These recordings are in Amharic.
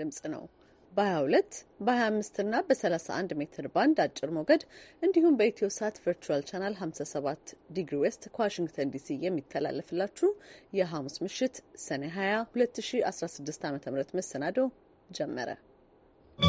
ድምጽ ነው። በ22 በ25 እና በ31 ሜትር ባንድ አጭር ሞገድ እንዲሁም በኢትዮ ሳት ቨርቹዋል ቻናል 57 ዲግሪ ዌስት ከዋሽንግተን ዲሲ የሚተላለፍላችሁ የሐሙስ ምሽት ሰኔ 20 2016 ዓ ም መሰናዶ ጀመረ። ¶¶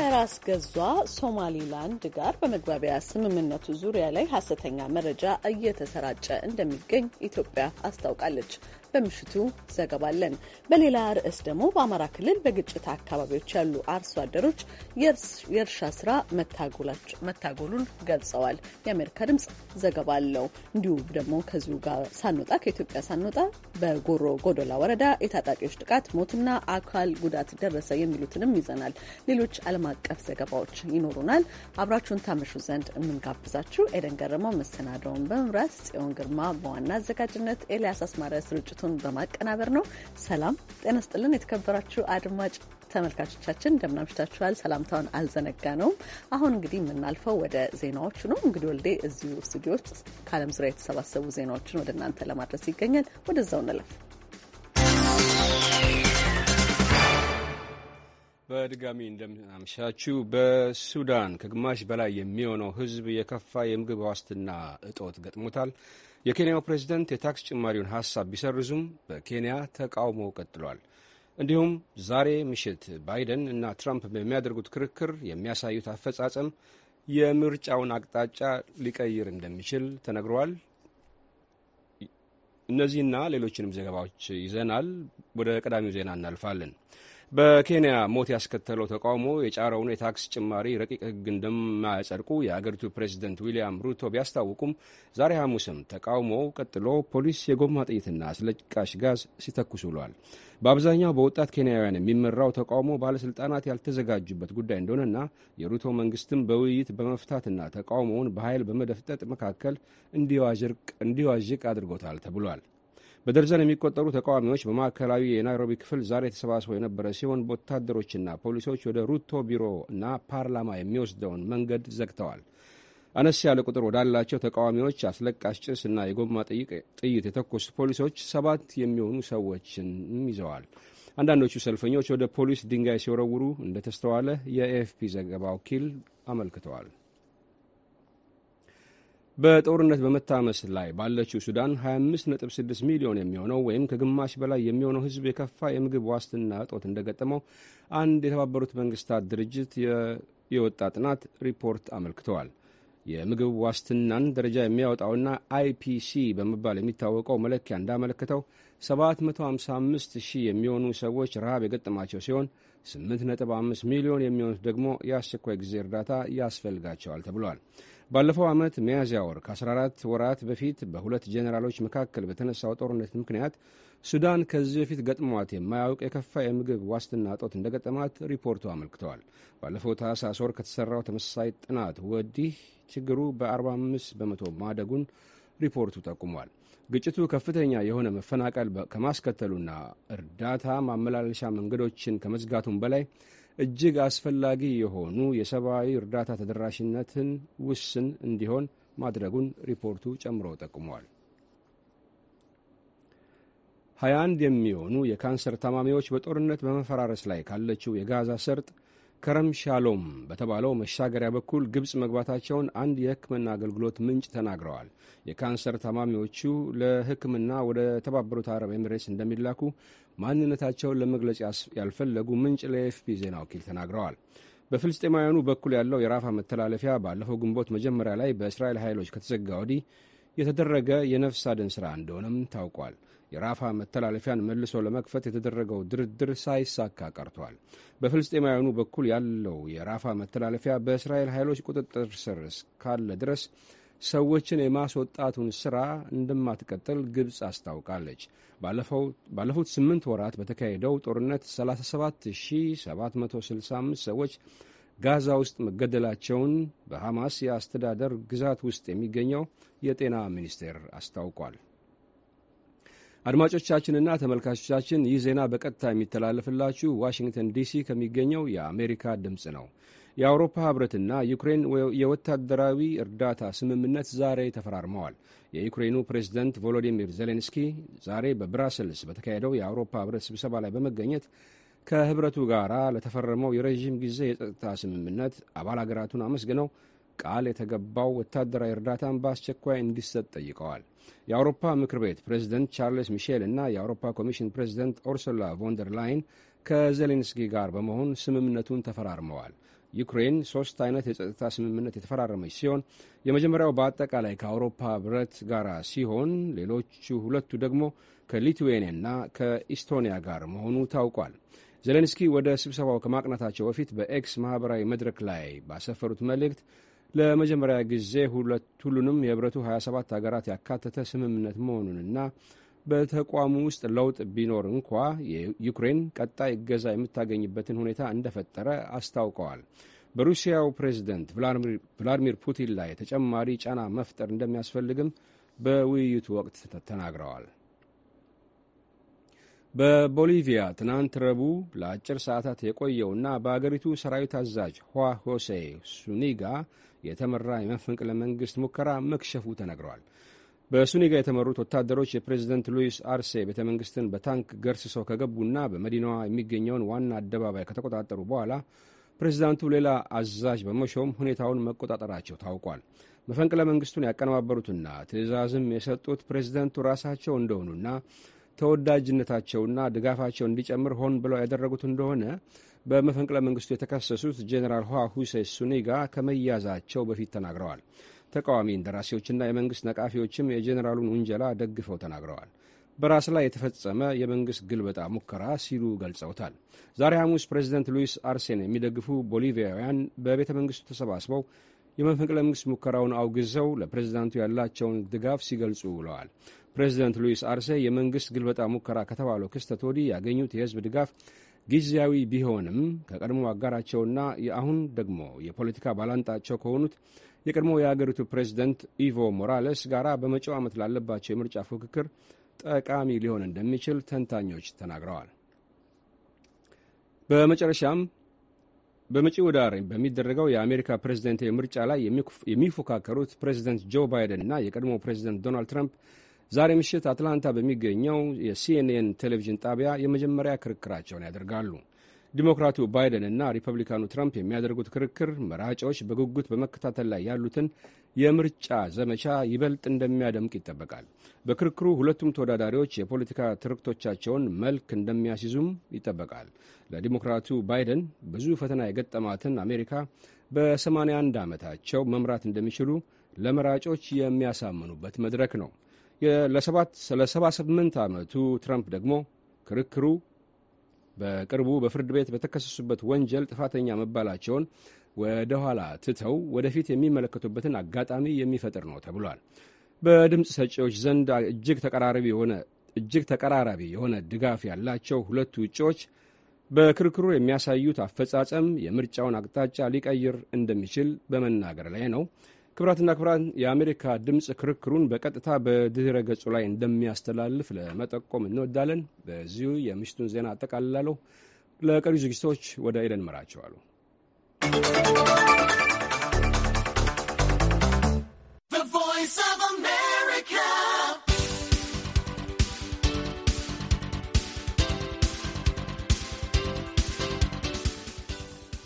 ከራስ ገዟ ሶማሊላንድ ጋር በመግባቢያ ስምምነቱ ዙሪያ ላይ ሀሰተኛ መረጃ እየተሰራጨ እንደሚገኝ ኢትዮጵያ አስታውቃለች። በምሽቱ ዘገባለን። በሌላ ርዕስ ደግሞ በአማራ ክልል በግጭት አካባቢዎች ያሉ አርሶ አደሮች የእርሻ ስራ መታጎሉን ገልጸዋል። የአሜሪካ ድምጽ ዘገባ አለው። እንዲሁ ደግሞ ከዚሁ ጋር ሳንወጣ ከኢትዮጵያ ሳንወጣ በጎሮ ጎዶላ ወረዳ የታጣቂዎች ጥቃት ሞትና አካል ጉዳት ደረሰ የሚሉትንም ይዘናል። ሌሎች ዓለም አቀፍ ዘገባዎች ይኖሩናል። አብራችሁን ታመሹ ዘንድ የምንጋብዛችሁ ኤደን ገረመው መሰናደውን በመምራት ጽዮን ግርማ በዋና አዘጋጅነት ኤልያስ አስማረ ስርጭቱ ዝግጅቱን በማቀናበር ነው። ሰላም ጤና ስጥልን። የተከበራችሁ አድማጭ ተመልካቾቻችን እንደምናምሽታችኋል። ሰላምታውን አልዘነጋ ነውም። አሁን እንግዲህ የምናልፈው ወደ ዜናዎቹ ነው። እንግዲህ ወልዴ እዚሁ ስቱዲዮ ውስጥ ከዓለም ዙሪያ የተሰባሰቡ ዜናዎችን ወደ እናንተ ለማድረስ ይገኛል። ወደዛው እንለፍ። በድጋሚ እንደምናምሻችሁ በሱዳን ከግማሽ በላይ የሚሆነው ህዝብ የከፋ የምግብ ዋስትና እጦት ገጥሞታል። የኬንያው ፕሬዝደንት የታክስ ጭማሪውን ሀሳብ ቢሰርዙም በኬንያ ተቃውሞ ቀጥሏል። እንዲሁም ዛሬ ምሽት ባይደን እና ትራምፕ በሚያደርጉት ክርክር የሚያሳዩት አፈጻጸም የምርጫውን አቅጣጫ ሊቀይር እንደሚችል ተነግሯል። እነዚህና ሌሎችንም ዘገባዎች ይዘናል። ወደ ቀዳሚው ዜና እናልፋለን። በኬንያ ሞት ያስከተለው ተቃውሞ የጫረውን የታክስ ጭማሪ ረቂቅ ሕግ እንደማያጸድቁ የአገሪቱ ፕሬዚደንት ዊልያም ሩቶ ቢያስታውቁም ዛሬ ሐሙስም ተቃውሞ ቀጥሎ ፖሊስ የጎማ ጥይትና አስለቃሽ ጋዝ ሲተኩስ ውሏል። በአብዛኛው በወጣት ኬንያውያን የሚመራው ተቃውሞ ባለሥልጣናት ያልተዘጋጁበት ጉዳይ እንደሆነና የሩቶ መንግስትም በውይይት በመፍታትና ተቃውሞውን በኃይል በመደፍጠጥ መካከል እንዲዋዥቅ አድርጎታል ተብሏል። በደርዘን የሚቆጠሩ ተቃዋሚዎች በማዕከላዊ የናይሮቢ ክፍል ዛሬ ተሰባስበው የነበረ ሲሆን ወታደሮችና ፖሊሶች ወደ ሩቶ ቢሮ እና ፓርላማ የሚወስደውን መንገድ ዘግተዋል። አነስ ያለ ቁጥር ወዳላቸው ተቃዋሚዎች አስለቃሽ ጭስ እና የጎማ ጥይት የተኮሱ ፖሊሶች ሰባት የሚሆኑ ሰዎችን ይዘዋል። አንዳንዶቹ ሰልፈኞች ወደ ፖሊስ ድንጋይ ሲወረውሩ እንደተስተዋለ የኤኤፍፒ ዘገባ ወኪል አመልክተዋል። በጦርነት በመታመስ ላይ ባለችው ሱዳን 25.6 ሚሊዮን የሚሆነው ወይም ከግማሽ በላይ የሚሆነው ሕዝብ የከፋ የምግብ ዋስትና እጦት እንደገጠመው አንድ የተባበሩት መንግስታት ድርጅት የወጣ ጥናት ሪፖርት አመልክተዋል። የምግብ ዋስትናን ደረጃ የሚያወጣውና አይፒሲ በመባል የሚታወቀው መለኪያ እንዳመለከተው 755 ሺህ የሚሆኑ ሰዎች ረሃብ የገጠማቸው ሲሆን 8.5 ሚሊዮን የሚሆኑት ደግሞ የአስቸኳይ ጊዜ እርዳታ ያስፈልጋቸዋል ተብሏል። ባለፈው ዓመት ሚያዝያ ወር ከ14 ወራት በፊት በሁለት ጄኔራሎች መካከል በተነሳው ጦርነት ምክንያት ሱዳን ከዚህ በፊት ገጥሟት የማያውቅ የከፋ የምግብ ዋስትና እጦት እንደገጠማት ሪፖርቱ አመልክተዋል። ባለፈው ታህሳስ ወር ከተሠራው ተመሳሳይ ጥናት ወዲህ ችግሩ በ45 በመቶ ማደጉን ሪፖርቱ ጠቁሟል። ግጭቱ ከፍተኛ የሆነ መፈናቀል ከማስከተሉና እርዳታ ማመላለሻ መንገዶችን ከመዝጋቱም በላይ እጅግ አስፈላጊ የሆኑ የሰብአዊ እርዳታ ተደራሽነትን ውስን እንዲሆን ማድረጉን ሪፖርቱ ጨምሮ ጠቁሟል። 21 የሚሆኑ የካንሰር ታማሚዎች በጦርነት በመፈራረስ ላይ ካለችው የጋዛ ሰርጥ ከረም ሻሎም በተባለው መሻገሪያ በኩል ግብፅ መግባታቸውን አንድ የሕክምና አገልግሎት ምንጭ ተናግረዋል። የካንሰር ታማሚዎቹ ለሕክምና ወደ ተባበሩት አረብ ኤምሬትስ እንደሚላኩ ማንነታቸውን ለመግለጽ ያልፈለጉ ምንጭ ለኤፍፒ ዜና ወኪል ተናግረዋል። በፍልስጤማውያኑ በኩል ያለው የራፋ መተላለፊያ ባለፈው ግንቦት መጀመሪያ ላይ በእስራኤል ኃይሎች ከተዘጋ ወዲህ የተደረገ የነፍስ አድን ሥራ እንደሆነም ታውቋል። የራፋ መተላለፊያን መልሶ ለመክፈት የተደረገው ድርድር ሳይሳካ ቀርቷል። በፍልስጤማውያኑ በኩል ያለው የራፋ መተላለፊያ በእስራኤል ኃይሎች ቁጥጥር ስር እስካለ ድረስ ሰዎችን የማስወጣቱን ሥራ እንደማትቀጥል ግብፅ አስታውቃለች። ባለፉት ስምንት ወራት በተካሄደው ጦርነት 37765 ሰዎች ጋዛ ውስጥ መገደላቸውን በሐማስ የአስተዳደር ግዛት ውስጥ የሚገኘው የጤና ሚኒስቴር አስታውቋል። አድማጮቻችንና ተመልካቾቻችን ይህ ዜና በቀጥታ የሚተላለፍላችሁ ዋሽንግተን ዲሲ ከሚገኘው የአሜሪካ ድምፅ ነው። የአውሮፓ ህብረትና ዩክሬን የወታደራዊ እርዳታ ስምምነት ዛሬ ተፈራርመዋል። የዩክሬኑ ፕሬዚደንት ቮሎዲሚር ዜሌንስኪ ዛሬ በብራሰልስ በተካሄደው የአውሮፓ ህብረት ስብሰባ ላይ በመገኘት ከህብረቱ ጋር ለተፈረመው የረዥም ጊዜ የጸጥታ ስምምነት አባል አገራቱን አመስግነው ቃል የተገባው ወታደራዊ እርዳታን በአስቸኳይ እንዲሰጥ ጠይቀዋል። የአውሮፓ ምክር ቤት ፕሬዚደንት ቻርልስ ሚሼል እና የአውሮፓ ኮሚሽን ፕሬዚደንት ኦርሱላ ቮንደር ላይን ከዜሌንስኪ ጋር በመሆን ስምምነቱን ተፈራርመዋል። ዩክሬን ሶስት አይነት የጸጥታ ስምምነት የተፈራረመች ሲሆን የመጀመሪያው በአጠቃላይ ከአውሮፓ ህብረት ጋር ሲሆን ሌሎቹ ሁለቱ ደግሞ ከሊትዌኒያና ከኢስቶኒያ ጋር መሆኑ ታውቋል። ዜሌንስኪ ወደ ስብሰባው ከማቅናታቸው በፊት በኤክስ ማህበራዊ መድረክ ላይ ባሰፈሩት መልእክት ለመጀመሪያ ጊዜ ሁሉንም የህብረቱ 27 ሀገራት ያካተተ ስምምነት መሆኑንና በተቋሙ ውስጥ ለውጥ ቢኖር እንኳ የዩክሬን ቀጣይ እገዛ የምታገኝበትን ሁኔታ እንደፈጠረ አስታውቀዋል። በሩሲያው ፕሬዝደንት ቭላዲሚር ፑቲን ላይ ተጨማሪ ጫና መፍጠር እንደሚያስፈልግም በውይይቱ ወቅት ተናግረዋል። በቦሊቪያ ትናንት ረቡዕ ለአጭር ሰዓታት የቆየውና በአገሪቱ ሰራዊት አዛዥ ሆሴ ሱኒጋ የተመራ የመፈንቅለ መንግስት ሙከራ መክሸፉ ተነግረዋል። በሱኒጋ የተመሩት ወታደሮች የፕሬዝደንት ሉዊስ አርሴ ቤተ መንግስትን በታንክ ገርስሰው ከገቡና በመዲናዋ የሚገኘውን ዋና አደባባይ ከተቆጣጠሩ በኋላ ፕሬዚዳንቱ ሌላ አዛዥ በመሾም ሁኔታውን መቆጣጠራቸው ታውቋል። መፈንቅለ መንግስቱን ያቀነባበሩትና ትዕዛዝም የሰጡት ፕሬዚደንቱ ራሳቸው እንደሆኑና ተወዳጅነታቸውና ድጋፋቸው እንዲጨምር ሆን ብለው ያደረጉት እንደሆነ በመፈንቅለ መንግስቱ የተከሰሱት ጄኔራል ሆዋ ሁሴ ሱኒጋ ከመያዛቸው በፊት ተናግረዋል። ተቃዋሚ እንደራሴዎችና የመንግሥት ነቃፊዎችም የጄኔራሉን ውንጀላ ደግፈው ተናግረዋል። በራስ ላይ የተፈጸመ የመንግሥት ግልበጣ ሙከራ ሲሉ ገልጸውታል። ዛሬ ሐሙስ ፕሬዚደንት ሉዊስ አርሴን የሚደግፉ ቦሊቪያውያን በቤተ መንግሥቱ ተሰባስበው የመፈንቅለ መንግሥት ሙከራውን አውግዘው ለፕሬዚዳንቱ ያላቸውን ድጋፍ ሲገልጹ ውለዋል። ፕሬዚደንት ሉዊስ አርሴ የመንግሥት ግልበጣ ሙከራ ከተባለው ክስተት ወዲህ ያገኙት የሕዝብ ድጋፍ ጊዜያዊ ቢሆንም ከቀድሞ አጋራቸውና የአሁን ደግሞ የፖለቲካ ባላንጣቸው ከሆኑት የቀድሞ የአገሪቱ ፕሬዚደንት ኢቮ ሞራሌስ ጋራ በመጪው ዓመት ላለባቸው የምርጫ ፉክክር ጠቃሚ ሊሆን እንደሚችል ተንታኞች ተናግረዋል። በመጨረሻም በመጪው ዳር በሚደረገው የአሜሪካ ፕሬዚደንታዊ ምርጫ ላይ የሚፎካከሩት ፕሬዚደንት ጆ ባይደን እና የቀድሞ ፕሬዚደንት ዶናልድ ትራምፕ ዛሬ ምሽት አትላንታ በሚገኘው የሲኤንኤን ቴሌቪዥን ጣቢያ የመጀመሪያ ክርክራቸውን ያደርጋሉ። ዲሞክራቱ ባይደን እና ሪፐብሊካኑ ትራምፕ የሚያደርጉት ክርክር መራጮች በጉጉት በመከታተል ላይ ያሉትን የምርጫ ዘመቻ ይበልጥ እንደሚያደምቅ ይጠበቃል። በክርክሩ ሁለቱም ተወዳዳሪዎች የፖለቲካ ትርክቶቻቸውን መልክ እንደሚያስይዙም ይጠበቃል። ለዲሞክራቱ ባይደን ብዙ ፈተና የገጠማትን አሜሪካ በ81 ዓመታቸው መምራት እንደሚችሉ ለመራጮች የሚያሳምኑበት መድረክ ነው። ለ78 ዓመቱ ትራምፕ ደግሞ ክርክሩ በቅርቡ በፍርድ ቤት በተከሰሱበት ወንጀል ጥፋተኛ መባላቸውን ወደ ኋላ ትተው ወደፊት የሚመለከቱበትን አጋጣሚ የሚፈጥር ነው ተብሏል። በድምፅ ሰጪዎች ዘንድ እጅግ ተቀራራቢ የሆነ እጅግ ተቀራራቢ የሆነ ድጋፍ ያላቸው ሁለቱ እጩዎች በክርክሩ የሚያሳዩት አፈጻጸም የምርጫውን አቅጣጫ ሊቀይር እንደሚችል በመናገር ላይ ነው። ክብራትና ክብራት የአሜሪካ ድምፅ ክርክሩን በቀጥታ በድረ ገጹ ላይ እንደሚያስተላልፍ ለመጠቆም እንወዳለን። በዚሁ የምሽቱን ዜና አጠቃልላለሁ። ለቀሪ ዝግጅቶች ወደ ኤደን መራቸዋሉ። Thank you.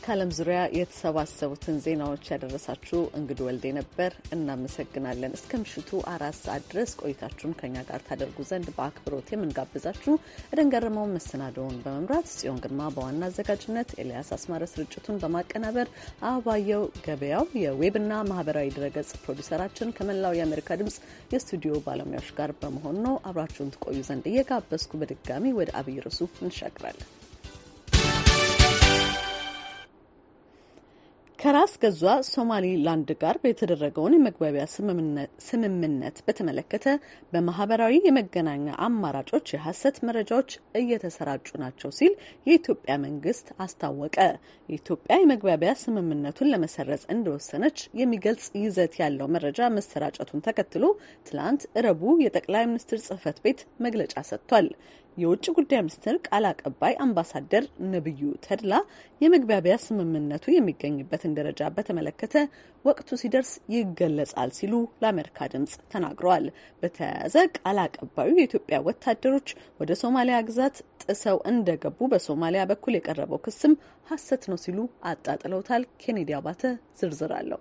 ከዓለም ዙሪያ የተሰባሰቡትን ዜናዎች ያደረሳችሁ እንግዱ ወልዴ ነበር። እናመሰግናለን። እስከ ምሽቱ አራት ሰዓት ድረስ ቆይታችሁን ከኛ ጋር ታደርጉ ዘንድ በአክብሮት የምንጋብዛችሁ ኤደን መሰናደውን በመምራት ጽዮን ግርማ በዋና አዘጋጅነት፣ ኤልያስ አስማረ ስርጭቱን በማቀናበር አበባየው ገበያው የዌብና ማህበራዊ ድረገጽ ፕሮዲሰራችን ከመላው የአሜሪካ ድምጽ የስቱዲዮ ባለሙያዎች ጋር በመሆን ነው። አብራችሁን ትቆዩ ዘንድ እየጋበዝኩ በድጋሚ ወደ አብይ ርዕሱ እንሻግራለን። ከራስ ገዟ ሶማሊላንድ ጋር የተደረገውን የመግባቢያ ስምምነት በተመለከተ በማህበራዊ የመገናኛ አማራጮች የሐሰት መረጃዎች እየተሰራጩ ናቸው ሲል የኢትዮጵያ መንግስት አስታወቀ። የኢትዮጵያ የመግባቢያ ስምምነቱን ለመሰረጽ እንደወሰነች የሚገልጽ ይዘት ያለው መረጃ መሰራጨቱን ተከትሎ ትላንት እረቡ የጠቅላይ ሚኒስትር ጽህፈት ቤት መግለጫ ሰጥቷል። የውጭ ጉዳይ ሚኒስቴር ቃል አቀባይ አምባሳደር ነብዩ ተድላ የመግባቢያ ስምምነቱ የሚገኝበትን ደረጃ በተመለከተ ወቅቱ ሲደርስ ይገለጻል ሲሉ ለአሜሪካ ድምጽ ተናግረዋል። በተያያዘ ቃል አቀባዩ የኢትዮጵያ ወታደሮች ወደ ሶማሊያ ግዛት ጥሰው እንደገቡ በሶማሊያ በኩል የቀረበው ክስም ሐሰት ነው ሲሉ አጣጥለውታል። ኬኔዲ አባተ ዝርዝር አለው።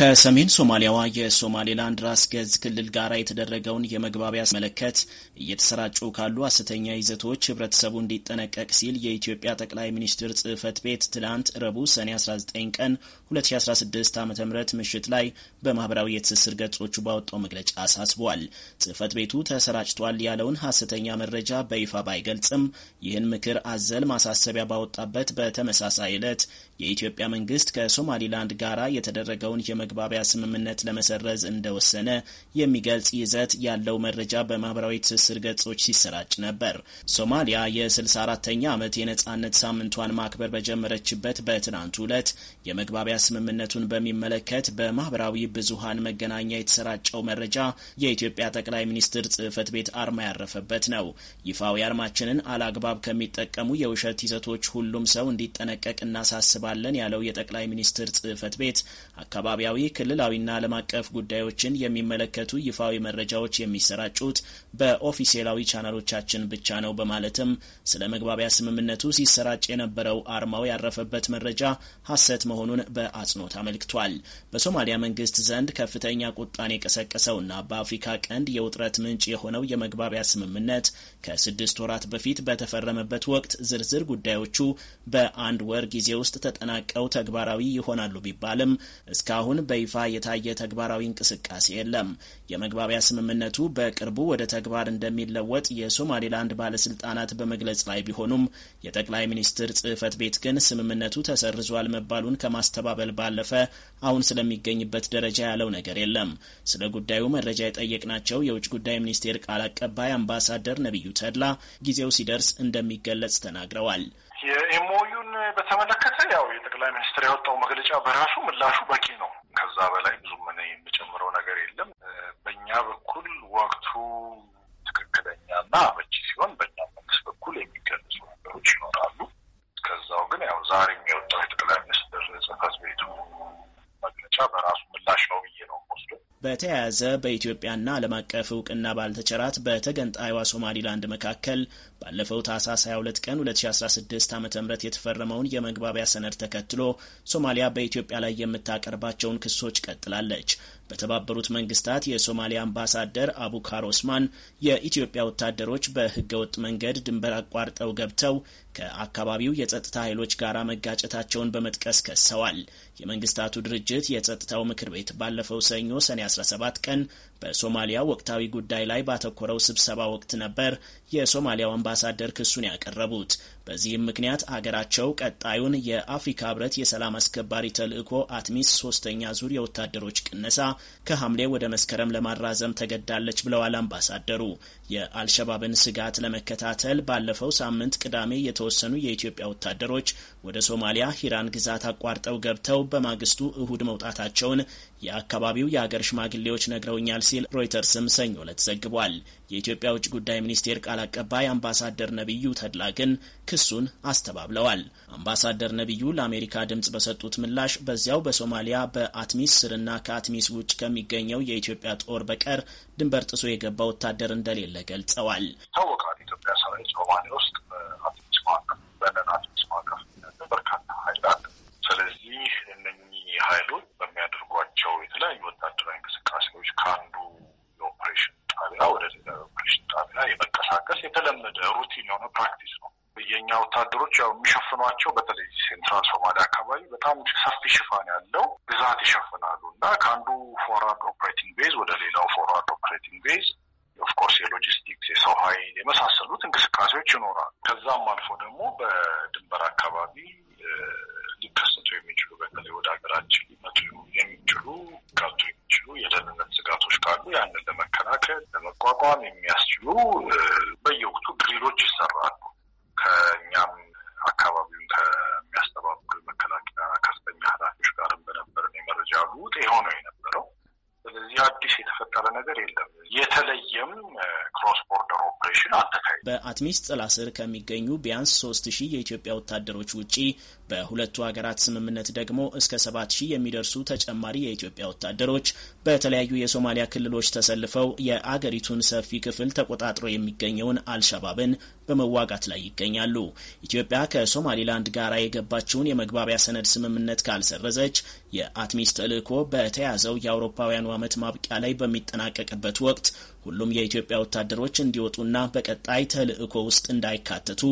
ከሰሜን ሶማሊያዋ የሶማሌላንድ ራስ ገዝ ክልል ጋር የተደረገውን የመግባቢያ መለከት እየተሰራጩ ካሉ ሐሰተኛ ይዘቶች ህብረተሰቡ እንዲጠነቀቅ ሲል የኢትዮጵያ ጠቅላይ ሚኒስትር ጽህፈት ቤት ትናንት ረቡዕ ሰኔ 19 ቀን 2016 ዓ ም ምሽት ላይ በማኅበራዊ የትስስር ገጾቹ ባወጣው መግለጫ አሳስቧል። ጽህፈት ቤቱ ተሰራጭቷል ያለውን ሐሰተኛ መረጃ በይፋ ባይገልጽም ይህን ምክር አዘል ማሳሰቢያ ባወጣበት በተመሳሳይ ዕለት የኢትዮጵያ መንግስት ከሶማሊላንድ ጋር የተደረገውን የመግባቢያ ስምምነት ለመሰረዝ እንደወሰነ የሚገልጽ ይዘት ያለው መረጃ በማህበራዊ ትስስር ገጾች ሲሰራጭ ነበር። ሶማሊያ የ64ተኛ ዓመት የነጻነት ሳምንቷን ማክበር በጀመረችበት በትናንቱ ዕለት የመግባቢያ ስምምነቱን በሚመለከት በማህበራዊ ብዙሃን መገናኛ የተሰራጨው መረጃ የኢትዮጵያ ጠቅላይ ሚኒስትር ጽህፈት ቤት አርማ ያረፈበት ነው። ይፋዊ አርማችንን አላግባብ ከሚጠቀሙ የውሸት ይዘቶች ሁሉም ሰው እንዲጠነቀቅ እናሳስባል እናቀርባለን ያለው የጠቅላይ ሚኒስትር ጽህፈት ቤት አካባቢያዊ ክልላዊና ዓለም አቀፍ ጉዳዮችን የሚመለከቱ ይፋዊ መረጃዎች የሚሰራጩት በኦፊሴላዊ ቻናሎቻችን ብቻ ነው በማለትም ስለ መግባቢያ ስምምነቱ ሲሰራጭ የነበረው አርማው ያረፈበት መረጃ ሐሰት መሆኑን በአጽንኦት አመልክቷል። በሶማሊያ መንግስት ዘንድ ከፍተኛ ቁጣን የቀሰቀሰውና በአፍሪካ ቀንድ የውጥረት ምንጭ የሆነው የመግባቢያ ስምምነት ከስድስት ወራት በፊት በተፈረመበት ወቅት ዝርዝር ጉዳዮቹ በአንድ ወር ጊዜ ውስጥ ተጠናቀው ተግባራዊ ይሆናሉ ቢባልም እስካሁን በይፋ የታየ ተግባራዊ እንቅስቃሴ የለም። የመግባቢያ ስምምነቱ በቅርቡ ወደ ተግባር እንደሚለወጥ የሶማሌላንድ ባለስልጣናት በመግለጽ ላይ ቢሆኑም የጠቅላይ ሚኒስትር ጽህፈት ቤት ግን ስምምነቱ ተሰርዟል መባሉን ከማስተባበል ባለፈ አሁን ስለሚገኝበት ደረጃ ያለው ነገር የለም። ስለ ጉዳዩ መረጃ የጠየቅናቸው የውጭ ጉዳይ ሚኒስቴር ቃል አቀባይ አምባሳደር ነቢዩ ተድላ ጊዜው ሲደርስ እንደሚገለጽ ተናግረዋል። የኤምኦዩን በተመለከተ ያው የጠቅላይ ሚኒስትር ያወጣው መግለጫ በራሱ ምላሹ በቂ ነው። ከዛ በላይ ብዙ ምን የምጨምረው ነገር የለም። በእኛ በኩል ወቅቱ ትክክለኛና አመቺ ሲሆን በእኛ መንግስት በኩል የሚገለጹ ነገሮች ይኖራሉ። ከዛው ግን ያው ዛሬ የሚወጣው የጠቅላይ ሚኒስትር ጽህፈት ቤቱ መግለጫ በራሱ ምላሽ ነው ብዬ ነው ወስዶ በተያያዘ በኢትዮጵያና ዓለም አቀፍ እውቅና ባልተቸራት በተገንጣይዋ ሶማሊላንድ መካከል ባለፈው ታህሳስ 22 ቀን 2016 ዓ ም የተፈረመውን የመግባቢያ ሰነድ ተከትሎ ሶማሊያ በኢትዮጵያ ላይ የምታቀርባቸውን ክሶች ቀጥላለች። በተባበሩት መንግስታት የሶማሊያ አምባሳደር አቡካር ኦስማን የኢትዮጵያ ወታደሮች በህገወጥ መንገድ ድንበር አቋርጠው ገብተው ከአካባቢው የጸጥታ ኃይሎች ጋር መጋጨታቸውን በመጥቀስ ከሰዋል። የመንግስታቱ ድርጅት የጸጥታው ምክር ቤት ባለፈው ሰኞ ሰኔ 17 ቀን በሶማሊያ ወቅታዊ ጉዳይ ላይ ባተኮረው ስብሰባ ወቅት ነበር የሶማሊያው አምባሳደር ክሱን ያቀረቡት። በዚህም ምክንያት አገራቸው ቀጣዩን የአፍሪካ ህብረት የሰላም አስከባሪ ተልዕኮ አትሚስ ሶስተኛ ዙር የወታደሮች ቅነሳ ከሐምሌ ወደ መስከረም ለማራዘም ተገዳለች ብለዋል አምባሳደሩ። የአልሸባብን ስጋት ለመከታተል ባለፈው ሳምንት ቅዳሜ የተወሰኑ የኢትዮጵያ ወታደሮች ወደ ሶማሊያ ሂራን ግዛት አቋርጠው ገብተው በማግስቱ እሁድ መውጣታቸውን የአካባቢው የአገር ሽማግሌዎች ነግረውኛል ሲል ሮይተርስም ሰኞ ዕለት ዘግቧል። የኢትዮጵያ ውጭ ጉዳይ ሚኒስቴር ቃል አቀባይ አምባሳደር ነቢዩ ተድላ ግን ክሱን አስተባብለዋል። አምባሳደር ነቢዩ ለአሜሪካ ድምፅ በሰጡት ምላሽ በዚያው በሶማሊያ በአትሚስ ስርና ከአትሚስ ውጭ ከሚገኘው የኢትዮጵያ ጦር በቀር ድንበር ጥሶ የገባ ወታደር እንደሌለ ገልጸዋል። ይታወቃል ኢትዮጵያ ሰራዊት ውስጥ በአትሚስ ማዕቀፍ በለን አትሚስ ማዕቀፍ በርካታ አለ። ስለዚህ እነኚህ ሀይሎች በሚያደርጓቸው የተለያዩ ወታደራዊ እንቅስቃሴዎች ከአንዱ የኦፕሬሽን ጣቢያ ወደ ሌላ ፖሊስ ጣቢያ የመንቀሳቀስ የተለመደ ሩቲን የሆነ ፕራክቲስ ነው። የእኛ ወታደሮች ያው የሚሸፍኗቸው በተለይ ሴንትራል ሶማሊያ አካባቢ በጣም ሰፊ ሽፋን ያለው ግዛት ይሸፍናሉ እና ከአንዱ ፎርዋርድ ኦፕሬቲንግ ቤዝ ወደ ሌላው ፎርዋርድ ኦፕሬቲንግ ቤዝ ኦፍኮርስ የሎጂስቲክስ የሰው ኃይል የመሳሰሉት እንቅስቃሴዎች ይኖራሉ። ከዛም አልፎ ደግሞ በድንበር አካባቢ ሊከሰቱ የሚችሉ በተለይ ወደ ሀገራችን ሊመጡ የሚችሉ ሊጋቱ የሚችሉ የደህንነት ስጋቶች ካሉ ያንን ለመከላከል ለመቋቋም የሚያስችሉ በየወቅቱ ግሪሎች ይሰራሉ። ከእኛም አካባቢውን ከሚያስተባብሩ መከላከያ ከፍተኛ ኃላፊዎች ጋርም በነበር የመረጃ ልውውጥ ይኸው ነው የነበረው። ስለዚህ አዲስ የተፈጠረ ነገር የለም። የተለየም ክሮስ ቦርደር ኦፕሬሽን አልተካሄደም። በአትሚስ ጥላ ስር ከሚገኙ ቢያንስ ሶስት ሺህ የኢትዮጵያ ወታደሮች ውጪ በሁለቱ ሀገራት ስምምነት ደግሞ እስከ ሰባት ሺህ የሚደርሱ ተጨማሪ የኢትዮጵያ ወታደሮች በተለያዩ የሶማሊያ ክልሎች ተሰልፈው የአገሪቱን ሰፊ ክፍል ተቆጣጥሮ የሚገኘውን አልሸባብን በመዋጋት ላይ ይገኛሉ። ኢትዮጵያ ከሶማሊላንድ ጋር የገባችውን የመግባቢያ ሰነድ ስምምነት ካልሰረዘች የአትሚስ ተልዕኮ በተያዘው የአውሮፓውያኑ ዓመት ማብቂያ ላይ በሚጠናቀቅበት ወቅት ሁሉም የኢትዮጵያ ወታደሮች እንዲወጡና በቀጣይ ተልዕኮ ውስጥ እንዳይካተቱ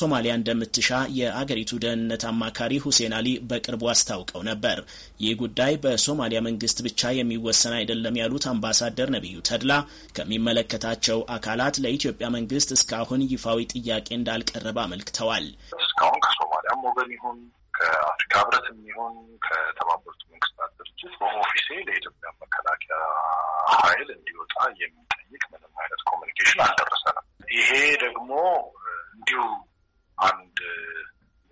ሶማሊያ እንደምትሻ የአገሪቱ ደህንነት አማ አማካሪ ሁሴን አሊ በቅርቡ አስታውቀው ነበር። ይህ ጉዳይ በሶማሊያ መንግስት ብቻ የሚወሰን አይደለም ያሉት አምባሳደር ነቢዩ ተድላ ከሚመለከታቸው አካላት ለኢትዮጵያ መንግስት እስካሁን ይፋዊ ጥያቄ እንዳልቀረበ አመልክተዋል። እስካሁን ከሶማሊያም ወገን ይሁን ከአፍሪካ ህብረት ሆን ከተባበሩት መንግስታት ድርጅት ኦፊሴ ለኢትዮጵያ መከላከያ ኃይል እንዲወጣ የሚጠይቅ ምንም አይነት ኮሚኒኬሽን አልደረሰንም። ይሄ ደግሞ እንዲሁ አንድ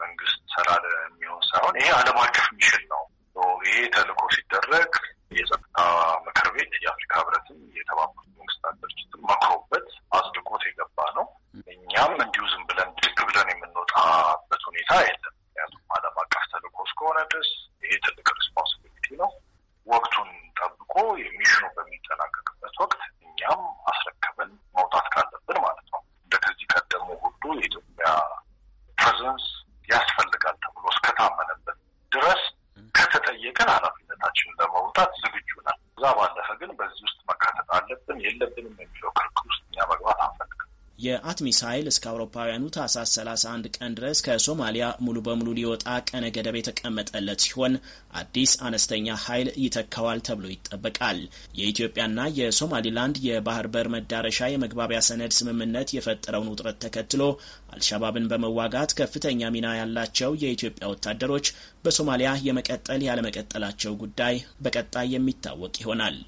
መንግስት ሰራ የሚሆን ሳይሆን ይሄ ዓለም አቀፍ ሚሽን ነው። ይሄ ተልእኮ ሲደረግ የጸጥታ ምክር ቤት የአፍሪካ ህብረትም የተባበሩት መንግስታት ድርጅትም መክሮበት አጽድቆት የገባ ነው። እኛም እንዲሁ ዝም ብለን ድግ ብለን የምንወጣበት ሁኔታ የለም። ምክንያቱም ዓለም አቀፍ ተልእኮ እስከሆነ ድረስ ይሄ ትልቅ ሪስፖንሲቢሊቲ ነው። ወቅቱን ጠብቆ የሚሽኑ በሚጠናቀቅበት ወቅት እኛም አስረክበን መውጣት ካለብን ማለት ነው። ከዚህ ቀደሙ ሁሉ የኢትዮጵያ ፕሬዘንስ ያስፈልጋል ተብሎ እስከታመነበት ድረስ ከተጠየቀን ኃላፊነታችንን ለመውጣት ዝግጁ ናል። እዛ ባለፈ ግን በዚህ ውስጥ መካተት አለብን የለብንም የሚለው የአት ሚሳይል እስከ አውሮፓውያኑ ታህሳስ 31 ቀን ድረስ ከሶማሊያ ሙሉ በሙሉ ሊወጣ ቀነ ገደብ የተቀመጠለት ሲሆን አዲስ አነስተኛ ኃይል ይተካዋል ተብሎ ይጠበቃል። የኢትዮጵያና የሶማሊላንድ የባህር በር መዳረሻ የመግባቢያ ሰነድ ስምምነት የፈጠረውን ውጥረት ተከትሎ አልሻባብን በመዋጋት ከፍተኛ ሚና ያላቸው የኢትዮጵያ ወታደሮች በሶማሊያ የመቀጠል ያለመቀጠላቸው ጉዳይ በቀጣይ የሚታወቅ ይሆናል።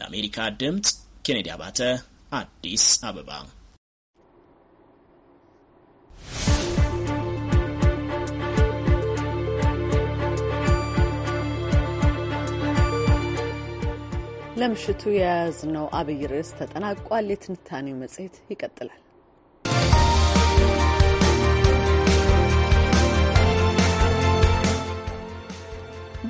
ለአሜሪካ ድምፅ ኬኔዲ አባተ አዲስ አበባ ለምሽቱ የያዝነው አብይ ርዕስ ተጠናቋል። የትንታኔው መጽሔት ይቀጥላል።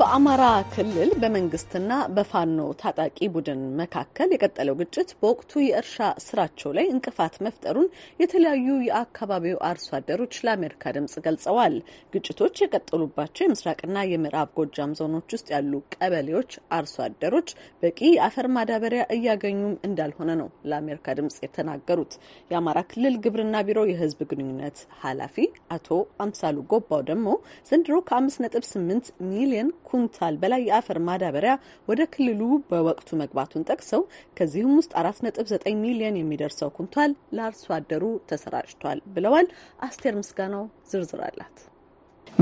በአማራ ክልል በመንግስትና በፋኖ ታጣቂ ቡድን መካከል የቀጠለው ግጭት በወቅቱ የእርሻ ስራቸው ላይ እንቅፋት መፍጠሩን የተለያዩ የአካባቢው አርሶ አደሮች ለአሜሪካ ድምጽ ገልጸዋል። ግጭቶች የቀጠሉባቸው የምስራቅና የምዕራብ ጎጃም ዞኖች ውስጥ ያሉ ቀበሌዎች አርሶ አደሮች በቂ የአፈር ማዳበሪያ እያገኙም እንዳልሆነ ነው ለአሜሪካ ድምጽ የተናገሩት። የአማራ ክልል ግብርና ቢሮ የህዝብ ግንኙነት ኃላፊ አቶ አምሳሉ ጎባው ደግሞ ዘንድሮ ከ5.8 ሚሊዮን ኩንታል በላይ የአፈር ማዳበሪያ ወደ ክልሉ በወቅቱ መግባቱን ጠቅሰው ከዚህም ውስጥ 4.9 ሚሊዮን የሚደርሰው ኩንታል ለአርሶ አደሩ ተሰራጭቷል ብለዋል። አስቴር ምስጋናው ዝርዝር አላት።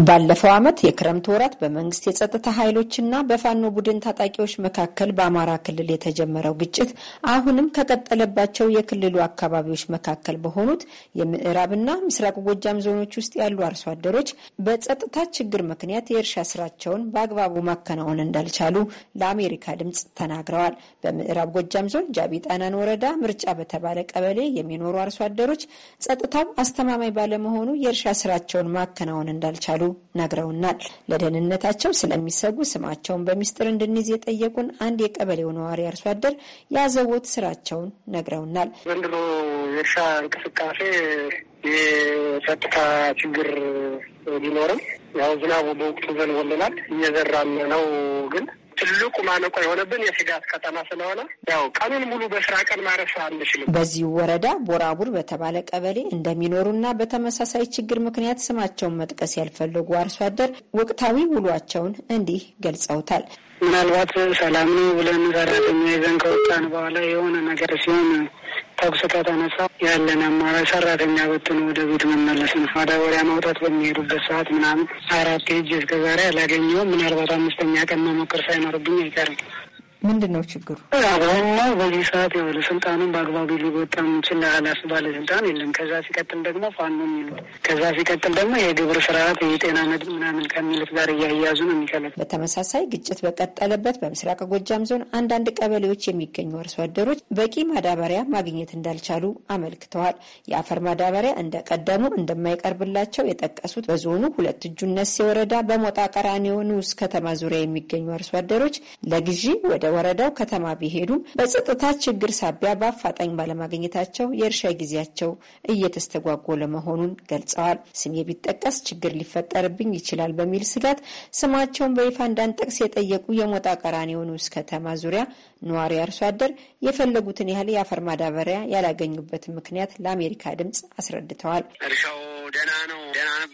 ባለፈው ዓመት የክረምት ወራት በመንግስት የጸጥታ ኃይሎችና በፋኖ ቡድን ታጣቂዎች መካከል በአማራ ክልል የተጀመረው ግጭት አሁንም ከቀጠለባቸው የክልሉ አካባቢዎች መካከል በሆኑት የምዕራብና ምስራቅ ጎጃም ዞኖች ውስጥ ያሉ አርሶ አደሮች በጸጥታ ችግር ምክንያት የእርሻ ስራቸውን በአግባቡ ማከናወን እንዳልቻሉ ለአሜሪካ ድምፅ ተናግረዋል። በምዕራብ ጎጃም ዞን ጃቢ ጣናን ወረዳ ምርጫ በተባለ ቀበሌ የሚኖሩ አርሶ አደሮች ጸጥታው አስተማማኝ ባለመሆኑ የእርሻ ስራቸውን ማከናወን እንዳልቻሉ እንዳሉ ነግረውናል። ለደህንነታቸው ስለሚሰጉ ስማቸውን በሚስጥር እንድንይዝ የጠየቁን አንድ የቀበሌው ነዋሪ አርሶ አደር የአዘቦት ስራቸውን ነግረውናል። ዘንድሮ የእርሻ እንቅስቃሴ የጸጥታ ችግር ቢኖርም ያው ዝናቡ በወቅቱ ዘንቦልናል። እየዘራን ነው ግን ትልቁ ማነቆ የሆነብን የስጋት ከተማ ስለሆነ ያው ቀኑን ሙሉ በስራ ቀን ማረፍ አንችልም። በዚህ ወረዳ ቦራቡር በተባለ ቀበሌ እንደሚኖሩና በተመሳሳይ ችግር ምክንያት ስማቸውን መጥቀስ ያልፈለጉ አርሶ አደር ወቅታዊ ውሏቸውን እንዲህ ገልጸውታል። ምናልባት ሰላም ነው ብለን ሰራተኛ ይዘን ከወጣን በኋላ የሆነ ነገር ሲሆን ተኩስ ከተነሳ ያለን አማራ ሰራተኛ በትን ወደ ቤት መመለስ ነው። ማዳበሪያ ማውጣት በሚሄዱበት ሰዓት ምናምን አራት ሄጅ እስከዛሬ አላገኘውም። ምናልባት አምስተኛ ቀን መሞከር ሳይኖርብኝ አይቀርም። ምንድን ነው ችግሩ? ዋናው በዚህ ሰዓት የሆነ ስልጣኑን በአግባቡ ሊወጣ የሚችል ኃላፊ ባለስልጣን የለም። ከዛ ሲቀጥል ደግሞ ፋኖ የሚሉት ከዛ ሲቀጥል ደግሞ የግብር ስርዓት የጤና መድ ምናምን ከሚሉት ጋር እያያዙ ነው የሚከለት። በተመሳሳይ ግጭት በቀጠለበት በምስራቅ ጎጃም ዞን አንዳንድ ቀበሌዎች የሚገኙ አርሶ አደሮች በቂ ማዳበሪያ ማግኘት እንዳልቻሉ አመልክተዋል። የአፈር ማዳበሪያ እንደ ቀደሙ እንደማይቀርብላቸው የጠቀሱት በዞኑ ሁለት እጁ እነሴ ወረዳ በሞጣ ቀራኒዮ ንዑስ ከተማ ዙሪያ የሚገኙ አርሶ አደሮች ለግዢ ወደ ወረዳው ከተማ ቢሄዱም በጸጥታ ችግር ሳቢያ በአፋጣኝ ባለማግኘታቸው የእርሻ ጊዜያቸው እየተስተጓጎለ መሆኑን ገልጸዋል። ስሜ ቢጠቀስ ችግር ሊፈጠርብኝ ይችላል በሚል ስጋት ስማቸውን በይፋ እንዳንጠቅስ የጠየቁ የሞጣ ቀራኒዮ ንዑስ ከተማ ዙሪያ ነዋሪ አርሶ አደር የፈለጉትን ያህል የአፈር ማዳበሪያ ያላገኙበትን ምክንያት ለአሜሪካ ድምጽ አስረድተዋል። እርሻው ደህና ነው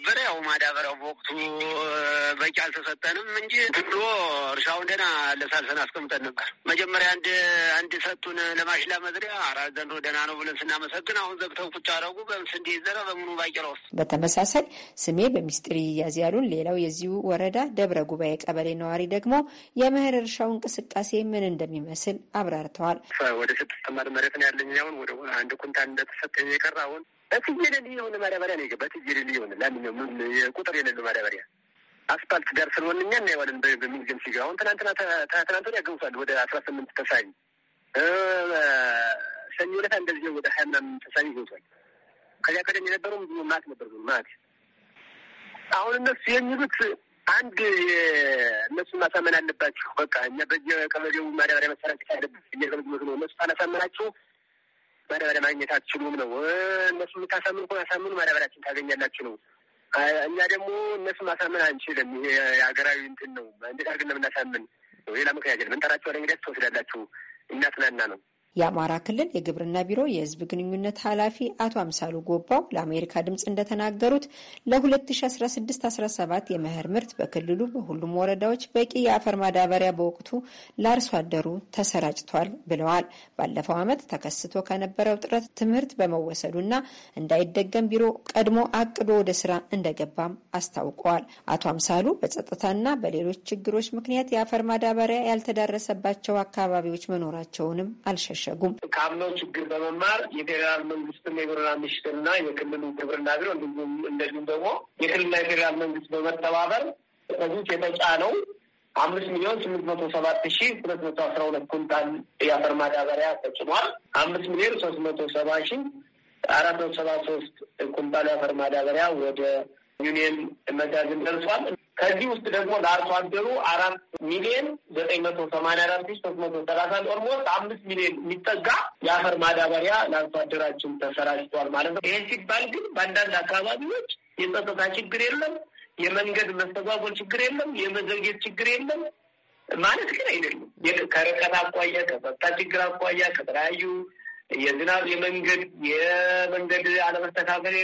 ነበር። ያው ማዳበሪያው በወቅቱ በቂ አልተሰጠንም እንጂ ብሎ እርሻውን ደህና ለሳልሰን አስቀምጠን ነበር። መጀመሪያ አንድ አንድ ሰጡን ለማሽላ መዝሪያ አራት ዘንድሮ ደህና ነው ብለን ስናመሰግን አሁን ዘግተው ቁጭ አደረጉ። በምስንዴ ይዘራ በምኑ ባቄላ ውስጥ በተመሳሳይ ስሜ በሚስጥር ይያዝ ያሉን ሌላው የዚሁ ወረዳ ደብረ ጉባኤ ቀበሌ ነዋሪ ደግሞ የምህር እርሻው እንቅስቃሴ ምን እንደሚመስል አብራርተዋል። ወደ ስድስት መሬት ነው ያለኝ አሁን ወደ አንድ ኩንታል እንደተሰጠኝ የቀረ አሁን በትየለል የሆነ ማዳበሪያ ነው የገባ ትየለል የሆነ ለምን ቁጥር የሌለው ማዳበሪያ አስፓልት ጋር ስለሆን እኛ እናየዋለን በሚልገም ሲገ አሁን ትናንትና ትናንት ወዲያ ገብቷል ወደ አስራ ስምንት ተሳቢ ሰኞ ዕለት እንደዚህ ወደ ሀያ ምናምን ተሳቢ ገብቷል። ከዚያ ቀደም የነበረው ምንድ ማት ነበር ማት አሁን እነሱ የሚሉት አንድ እነሱ ማሳመን አለባችሁ። በቃ እኛ በየ ቀበሌው ማዳበሪያ መሰራት አለበት እየቀበጅ ነው እነሱ ካላሳመናችሁ ማዳበሪያ ማግኘት አትችሉም ነው። እነሱ የምታሳምን እኮ አሳምኑ ማዳበሪያችን ታገኛላችሁ ነው። እኛ ደግሞ እነሱ ማሳምን አንችልም። ይሄ የሀገራዊ እንትን ነው። እንዴት አድርገን ነው የምናሳምን? ሌላ ምክንያት የለም። እንጠራቸዋለን እንግዲህ ትወስዳላችሁ እናትናና ነው የአማራ ክልል የግብርና ቢሮ የህዝብ ግንኙነት ኃላፊ አቶ አምሳሉ ጎባው ለአሜሪካ ድምፅ እንደተናገሩት ለ2016/17 የመኸር ምርት በክልሉ በሁሉም ወረዳዎች በቂ የአፈር ማዳበሪያ በወቅቱ ለአርሶ አደሩ ተሰራጭቷል ብለዋል። ባለፈው ዓመት ተከስቶ ከነበረው ጥረት ትምህርት በመወሰዱና እንዳይደገም ቢሮ ቀድሞ አቅዶ ወደ ስራ እንደገባም አስታውቀዋል። አቶ አምሳሉ በጸጥታና በሌሎች ችግሮች ምክንያት የአፈር ማዳበሪያ ያልተዳረሰባቸው አካባቢዎች መኖራቸውንም አልሸሸ አልሸሸጉም። ካምነው ችግር በመማር የፌዴራል መንግስትም የግብርና ሚኒስቴርና የክልሉ ግብርና ቢሮ እንዲሁም እንደዚሁም ደግሞ የክልልና የፌዴራል መንግስት በመተባበር በዚህ የተጫነው አምስት ሚሊዮን ስምንት መቶ ሰባት ሺ ሁለት መቶ አስራ ሁለት ኩንታል የአፈር ማዳበሪያ ተጭኗል። አምስት ሚሊዮን ሶስት መቶ ሰባ ሺ አራት መቶ ሰባ ሶስት ኩንታል የአፈር ማዳበሪያ ወደ ዩኒየን መጋዘን ደርሷል። ከዚህ ውስጥ ደግሞ ለአርሶ አደሩ አራት ሚሊዮን ዘጠኝ መቶ ሰማንያ አራት ሺ ሶስት መቶ ሰላሳ ኦልሞስት አምስት ሚሊዮን የሚጠጋ የአፈር ማዳበሪያ ለአርሶ አደራችን ተሰራጭቷል ማለት ነው። ይህ ሲባል ግን በአንዳንድ አካባቢዎች የጸጥታ ችግር የለም፣ የመንገድ መስተጓጎል ችግር የለም፣ የመዘግየት ችግር የለም ማለት ግን አይደለም። ከርቀት አኳያ፣ ከጸጥታ ችግር አኳያ ከተለያዩ የዝናብ የመንገድ የመንገድ አለመስተካከል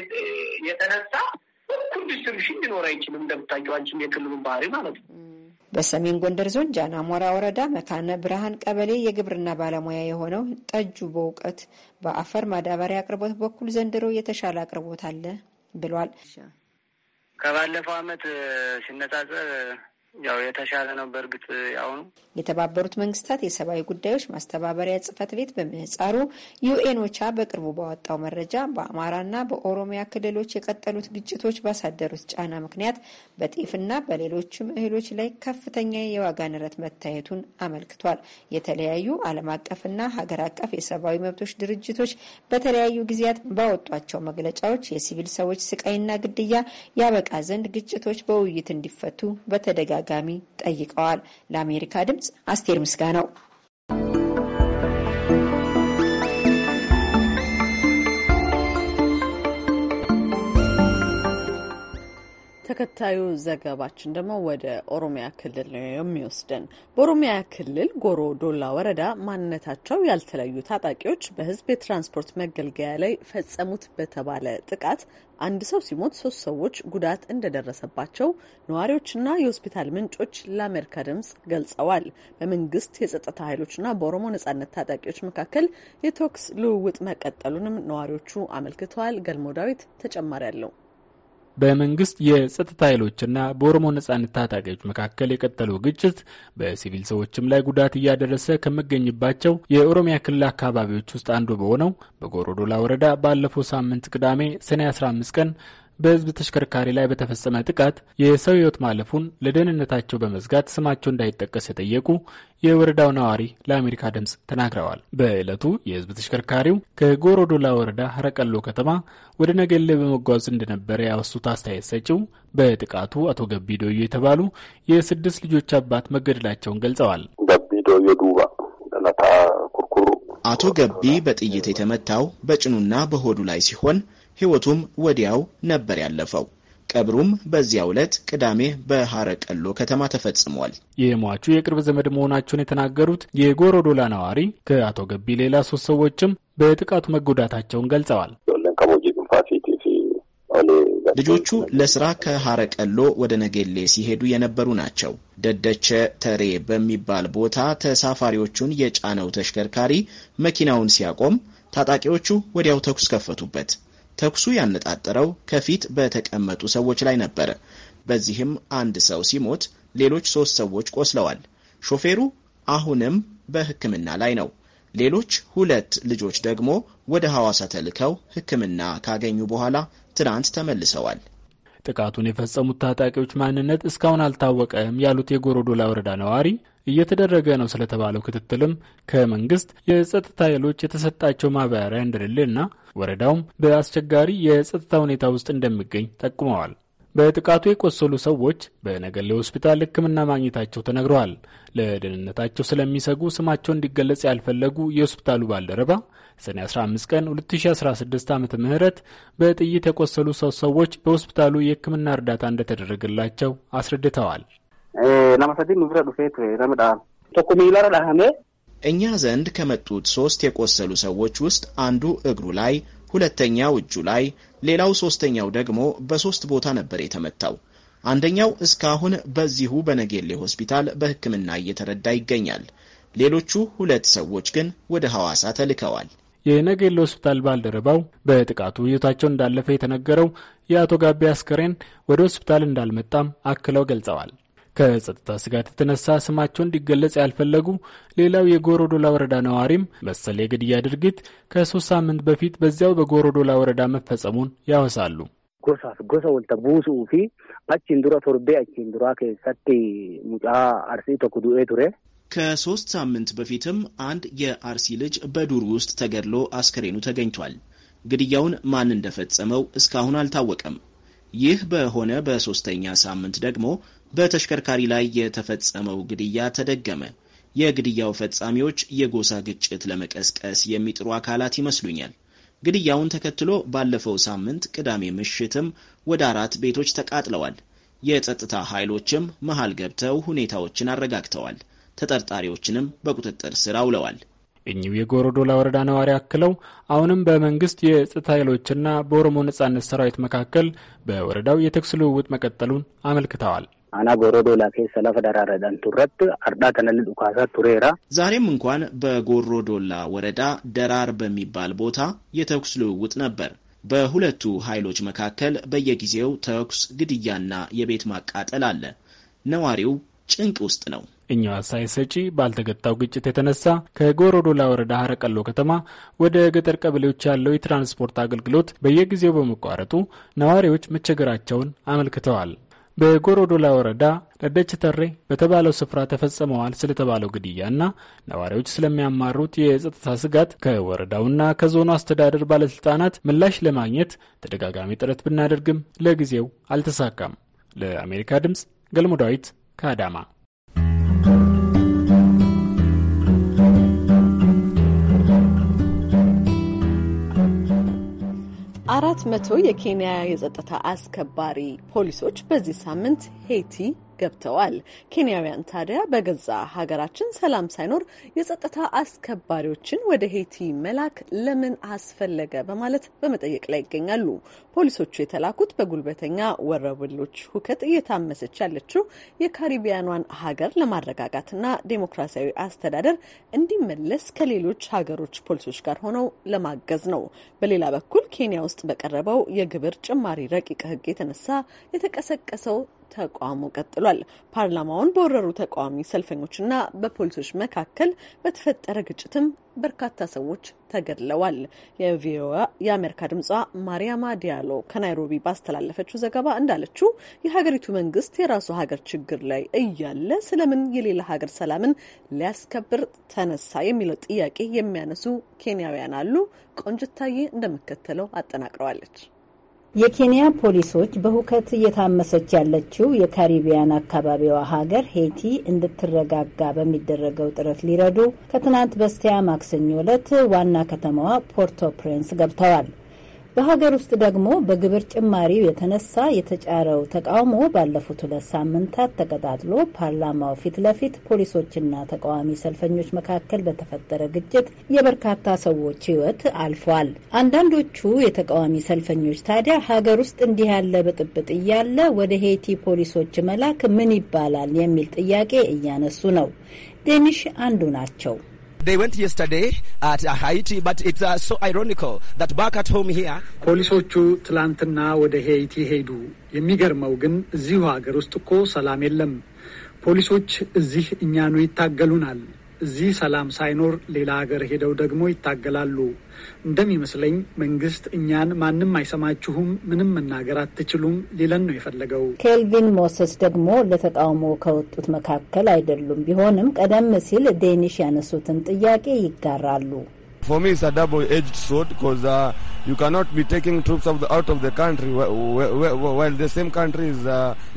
የተነሳ እኩል ዲስትሪቢሽን ሊኖር አይችልም። እንደምታውቂው አንቺም የክልሉን ባህሪ ማለት ነው። በሰሜን ጎንደር ዞን ጃን ሞራ ወረዳ መካነ ብርሃን ቀበሌ የግብርና ባለሙያ የሆነው ጠጁ በእውቀት በአፈር ማዳበሪያ አቅርቦት በኩል ዘንድሮ የተሻለ አቅርቦት አለ ብሏል። ከባለፈው ዓመት ሲነጻጸር ያው የተሻለ ነው። በእርግጥ ያሁኑ የተባበሩት መንግስታት የሰብአዊ ጉዳዮች ማስተባበሪያ ጽህፈት ቤት በምህጻሩ ዩኤንቻ በቅርቡ ባወጣው መረጃ በአማራና በኦሮሚያ ክልሎች የቀጠሉት ግጭቶች ባሳደሩት ጫና ምክንያት በጤፍና በሌሎችም እህሎች ላይ ከፍተኛ የዋጋ ንረት መታየቱን አመልክቷል። የተለያዩ ዓለም አቀፍና ሀገር አቀፍ የሰብአዊ መብቶች ድርጅቶች በተለያዩ ጊዜያት ባወጧቸው መግለጫዎች የሲቪል ሰዎች ስቃይና ግድያ ያበቃ ዘንድ ግጭቶች በውይይት እንዲፈቱ በተደጋ በተደጋጋሚ ጠይቀዋል። ለአሜሪካ ድምፅ አስቴር ምስጋ ነው ተከታዩ ዘገባችን ደግሞ ወደ ኦሮሚያ ክልል ነው የሚወስደን። በኦሮሚያ ክልል ጎሮ ዶላ ወረዳ ማንነታቸው ያልተለዩ ታጣቂዎች በሕዝብ የትራንስፖርት መገልገያ ላይ ፈጸሙት በተባለ ጥቃት አንድ ሰው ሲሞት ሶስት ሰዎች ጉዳት እንደደረሰባቸው ነዋሪዎችና የሆስፒታል ምንጮች ለአሜሪካ ድምጽ ገልጸዋል። በመንግስት የጸጥታ ኃይሎችና በኦሮሞ ነጻነት ታጣቂዎች መካከል የተኩስ ልውውጥ መቀጠሉንም ነዋሪዎቹ አመልክተዋል። ገልሞ ዳዊት ተጨማሪ አለው። በመንግስት የጸጥታ ኃይሎችና በኦሮሞ ነጻነት ታጣቂዎች መካከል የቀጠለው ግጭት በሲቪል ሰዎችም ላይ ጉዳት እያደረሰ ከሚገኝባቸው የኦሮሚያ ክልል አካባቢዎች ውስጥ አንዱ በሆነው በጎሮዶላ ወረዳ ባለፈው ሳምንት ቅዳሜ ሰኔ 15 ቀን በህዝብ ተሽከርካሪ ላይ በተፈጸመ ጥቃት የሰው ህይወት ማለፉን ለደህንነታቸው በመዝጋት ስማቸው እንዳይጠቀስ የጠየቁ የወረዳው ነዋሪ ለአሜሪካ ድምፅ ተናግረዋል። በዕለቱ የህዝብ ተሽከርካሪው ከጎሮዶላ ወረዳ ሀረቀሎ ከተማ ወደ ነገሌ በመጓዝ እንደነበረ ያወሱት አስተያየት ሰጪው በጥቃቱ አቶ ገቢዶዮ የተባሉ የስድስት ልጆች አባት መገደላቸውን ገልጸዋል። ገቢዶዮ ዱባ አቶ ገቢ በጥይት የተመታው በጭኑና በሆዱ ላይ ሲሆን ሕይወቱም ወዲያው ነበር ያለፈው። ቀብሩም በዚያ ዕለት ቅዳሜ በሐረቀሎ ከተማ ተፈጽሟል። የሟቹ የቅርብ ዘመድ መሆናቸውን የተናገሩት የጎሮዶላ ነዋሪ ከአቶ ገቢ ሌላ ሶስት ሰዎችም በጥቃቱ መጎዳታቸውን ገልጸዋል። ልጆቹ ለስራ ከሐረቀሎ ወደ ነጌሌ ሲሄዱ የነበሩ ናቸው። ደደቸ ተሬ በሚባል ቦታ ተሳፋሪዎቹን የጫነው ተሽከርካሪ መኪናውን ሲያቆም ታጣቂዎቹ ወዲያው ተኩስ ከፈቱበት። ተኩሱ ያነጣጠረው ከፊት በተቀመጡ ሰዎች ላይ ነበር። በዚህም አንድ ሰው ሲሞት ሌሎች ሶስት ሰዎች ቆስለዋል። ሾፌሩ አሁንም በሕክምና ላይ ነው። ሌሎች ሁለት ልጆች ደግሞ ወደ ሐዋሳ ተልከው ሕክምና ካገኙ በኋላ ትናንት ተመልሰዋል። ጥቃቱን የፈጸሙት ታጣቂዎች ማንነት እስካሁን አልታወቀም ያሉት የጎሮዶላ ወረዳ ነዋሪ እየተደረገ ነው ስለተባለው ክትትልም ከመንግስት የጸጥታ ኃይሎች የተሰጣቸው ማብራሪያ እንደሌለና ወረዳውም በአስቸጋሪ የጸጥታ ሁኔታ ውስጥ እንደሚገኝ ጠቁመዋል። በጥቃቱ የቆሰሉ ሰዎች በነገሌ ሆስፒታል ሕክምና ማግኘታቸው ተነግረዋል። ለደህንነታቸው ስለሚሰጉ ስማቸው እንዲገለጽ ያልፈለጉ የሆስፒታሉ ባልደረባ ሰኔ 15 ቀን 2016 ዓ ም በጥይት የቆሰሉ ሰው ሰዎች በሆስፒታሉ የሕክምና እርዳታ እንደተደረገላቸው አስረድተዋል። እኛ ዘንድ ከመጡት ሶስት የቆሰሉ ሰዎች ውስጥ አንዱ እግሩ ላይ፣ ሁለተኛው እጁ ላይ፣ ሌላው ሶስተኛው ደግሞ በሶስት ቦታ ነበር የተመታው። አንደኛው እስካሁን በዚሁ በነጌሌ ሆስፒታል በሕክምና እየተረዳ ይገኛል። ሌሎቹ ሁለት ሰዎች ግን ወደ ሐዋሳ ተልከዋል። የነገሌ ሆስፒታል ባልደረባው በጥቃቱ ህይወታቸው እንዳለፈ የተነገረው የአቶ ጋቤ አስከሬን ወደ ሆስፒታል እንዳልመጣም አክለው ገልጸዋል። ከጸጥታ ስጋት የተነሳ ስማቸው እንዲገለጽ ያልፈለጉ ሌላው የጎሮዶላ ወረዳ ነዋሪም መሰል የግድያ ድርጊት ከሶስት ሳምንት በፊት በዚያው በጎሮዶላ ወረዳ መፈጸሙን ያወሳሉ። ጎሳፍ ጎሳ ወልተ ቡሱ ፊ አቺን ዱራ ቶርቤ አቺን ዱራ ከሰቲ ሙጫ አርሲ ቶኩ ዱኤ ቱሬ ከሶስት ሳምንት በፊትም አንድ የአርሲ ልጅ በዱር ውስጥ ተገድሎ አስከሬኑ ተገኝቷል። ግድያውን ማን እንደፈጸመው እስካሁን አልታወቀም። ይህ በሆነ በሶስተኛ ሳምንት ደግሞ በተሽከርካሪ ላይ የተፈጸመው ግድያ ተደገመ። የግድያው ፈጻሚዎች የጎሳ ግጭት ለመቀስቀስ የሚጥሩ አካላት ይመስሉኛል። ግድያውን ተከትሎ ባለፈው ሳምንት ቅዳሜ ምሽትም ወደ አራት ቤቶች ተቃጥለዋል። የጸጥታ ኃይሎችም መሃል ገብተው ሁኔታዎችን አረጋግተዋል። ተጠርጣሪዎችንም በቁጥጥር ስር አውለዋል። እኚሁ የጎሮዶላ ወረዳ ነዋሪ አክለው አሁንም በመንግስት የጸጥታ ኃይሎችና በኦሮሞ ነጻነት ሰራዊት መካከል በወረዳው የተኩስ ልውውጥ መቀጠሉን አመልክተዋል። አና ጎሮዶላ ኬሰ ለፈ ቱረት አርዳ ከነል ዱካሳ ቱሬራ ዛሬም እንኳን በጎሮዶላ ወረዳ ደራር በሚባል ቦታ የተኩስ ልውውጥ ነበር። በሁለቱ ኃይሎች መካከል በየጊዜው ተኩስ፣ ግድያና የቤት ማቃጠል አለ። ነዋሪው ጭንቅ ውስጥ ነው። እኛው አስተያየት ሰጪ ባልተገታው ግጭት የተነሳ ከጎሮዶላ ወረዳ ሀረቀሎ ከተማ ወደ ገጠር ቀበሌዎች ያለው የትራንስፖርት አገልግሎት በየጊዜው በመቋረጡ ነዋሪዎች መቸገራቸውን አመልክተዋል። በጎሮዶላ ወረዳ ለደች ተሬ በተባለው ስፍራ ተፈጸመዋል ስለተባለው ግድያና ነዋሪዎች ስለሚያማሩት የጸጥታ ስጋት ከወረዳውና ከዞኑ አስተዳደር ባለስልጣናት ምላሽ ለማግኘት ተደጋጋሚ ጥረት ብናደርግም ለጊዜው አልተሳካም። ለአሜሪካ ድምፅ ገልሞ ዳዊት ከአዳማ አራት መቶ የኬንያ የጸጥታ አስከባሪ ፖሊሶች በዚህ ሳምንት ሄይቲ ገብተዋል። ኬንያውያን ታዲያ በገዛ ሀገራችን ሰላም ሳይኖር የጸጥታ አስከባሪዎችን ወደ ሄቲ መላክ ለምን አስፈለገ በማለት በመጠየቅ ላይ ይገኛሉ። ፖሊሶቹ የተላኩት በጉልበተኛ ወረብሎች ሁከት እየታመሰች ያለችው የካሪቢያኗን ሀገር ለማረጋጋትና ዴሞክራሲያዊ አስተዳደር እንዲመለስ ከሌሎች ሀገሮች ፖሊሶች ጋር ሆነው ለማገዝ ነው። በሌላ በኩል ኬንያ ውስጥ በቀረበው የግብር ጭማሪ ረቂቅ ሕግ የተነሳ የተቀሰቀሰው ተቃውሞ ቀጥሏል። ፓርላማውን በወረሩ ተቃዋሚ ሰልፈኞችና በፖሊሶች መካከል በተፈጠረ ግጭትም በርካታ ሰዎች ተገድለዋል። የቪኦኤ የአሜሪካ ድምጿ ማሪያማ ዲያሎ ከናይሮቢ ባስተላለፈችው ዘገባ እንዳለችው የሀገሪቱ መንግስት የራሱ ሀገር ችግር ላይ እያለ ስለምን የሌላ ሀገር ሰላምን ሊያስከብር ተነሳ የሚለው ጥያቄ የሚያነሱ ኬንያውያን አሉ። ቆንጅታዬ እንደሚከተለው አጠናቅረዋለች። የኬንያ ፖሊሶች በሁከት እየታመሰች ያለችው የካሪቢያን አካባቢዋ ሀገር ሄይቲ እንድትረጋጋ በሚደረገው ጥረት ሊረዱ ከትናንት በስቲያ ማክሰኞ ዕለት ዋና ከተማዋ ፖርቶ ፕሬንስ ገብተዋል። በሀገር ውስጥ ደግሞ በግብር ጭማሪው የተነሳ የተጫረው ተቃውሞ ባለፉት ሁለት ሳምንታት ተቀጣጥሎ ፓርላማው ፊት ለፊት ፖሊሶችና ተቃዋሚ ሰልፈኞች መካከል በተፈጠረ ግጭት የበርካታ ሰዎች ሕይወት አልፏል። አንዳንዶቹ የተቃዋሚ ሰልፈኞች ታዲያ ሀገር ውስጥ እንዲህ ያለ ብጥብጥ እያለ ወደ ሄይቲ ፖሊሶች መላክ ምን ይባላል የሚል ጥያቄ እያነሱ ነው። ዴኒሽ አንዱ ናቸው። ፖሊሶቹ ትላንትና ወደ ሄይቲ ሄዱ። የሚገርመው ግን እዚሁ ሀገር ውስጥ እኮ ሰላም የለም። ፖሊሶች እዚህ እኛኑ ይታገሉናል። እዚህ ሰላም ሳይኖር ሌላ ሀገር ሄደው ደግሞ ይታገላሉ። እንደሚመስለኝ መንግስት እኛን ማንም አይሰማችሁም፣ ምንም መናገር አትችሉም ሊለን ነው የፈለገው። ኬልቪን ሞሰስ ደግሞ ለተቃውሞ ከወጡት መካከል አይደሉም። ቢሆንም ቀደም ሲል ዴኒሽ ያነሱትን ጥያቄ ይጋራሉ።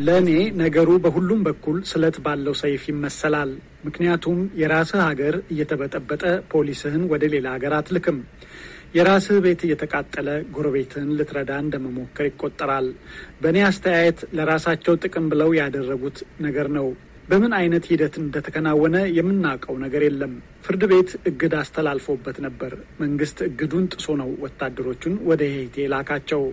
ለእኔ ነገሩ በሁሉም በኩል ስለት ባለው ሰይፍ ይመሰላል። ምክንያቱም የራስህ ሀገር እየተበጠበጠ ፖሊስህን ወደ ሌላ ሀገር አትልክም። የራስህ ቤት እየተቃጠለ ጎረቤትህን ልትረዳ እንደመሞከር ይቆጠራል። በእኔ አስተያየት ለራሳቸው ጥቅም ብለው ያደረጉት ነገር ነው። በምን አይነት ሂደት እንደተከናወነ የምናውቀው ነገር የለም። ፍርድ ቤት እግድ አስተላልፎበት ነበር። መንግስት እግዱን ጥሶ ነው ወታደሮቹን ወደ ሄይቲ የላካቸው።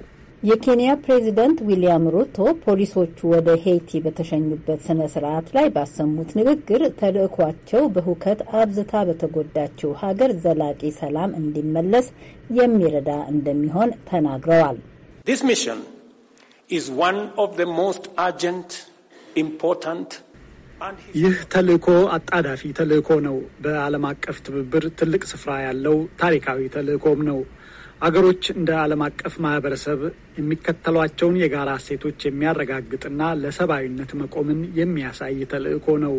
የኬንያ ፕሬዚደንት ዊሊያም ሩቶ ፖሊሶቹ ወደ ሄይቲ በተሸኙበት ስነ ስርዓት ላይ ባሰሙት ንግግር ተልዕኳቸው በሁከት አብዝታ በተጎዳችው ሀገር ዘላቂ ሰላም እንዲመለስ የሚረዳ እንደሚሆን ተናግረዋል። ስ ሚሽን ኢዝ ን ኦፍ ዘ ሞስት አርጀንት ኢምፖርታንት ይህ ተልእኮ አጣዳፊ ተልእኮ ነው። በዓለም አቀፍ ትብብር ትልቅ ስፍራ ያለው ታሪካዊ ተልእኮም ነው። አገሮች እንደ ዓለም አቀፍ ማህበረሰብ የሚከተሏቸውን የጋራ እሴቶች የሚያረጋግጥና ለሰብአዊነት መቆምን የሚያሳይ ተልእኮ ነው።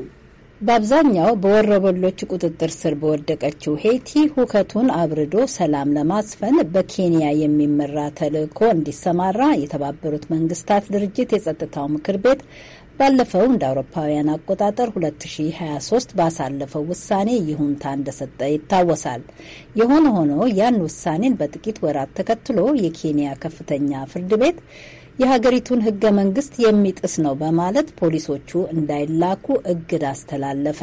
በአብዛኛው በወረበሎች ቁጥጥር ስር በወደቀችው ሄይቲ ሁከቱን አብርዶ ሰላም ለማስፈን በኬንያ የሚመራ ተልእኮ እንዲሰማራ የተባበሩት መንግስታት ድርጅት የጸጥታው ምክር ቤት ባለፈው እንደ አውሮፓውያን አቆጣጠር 2023 ባሳለፈው ውሳኔ ይሁንታ እንደሰጠ ይታወሳል። የሆነ ሆኖ ያን ውሳኔን በጥቂት ወራት ተከትሎ የኬንያ ከፍተኛ ፍርድ ቤት የሀገሪቱን ህገ መንግስት የሚጥስ ነው በማለት ፖሊሶቹ እንዳይላኩ እግድ አስተላለፈ።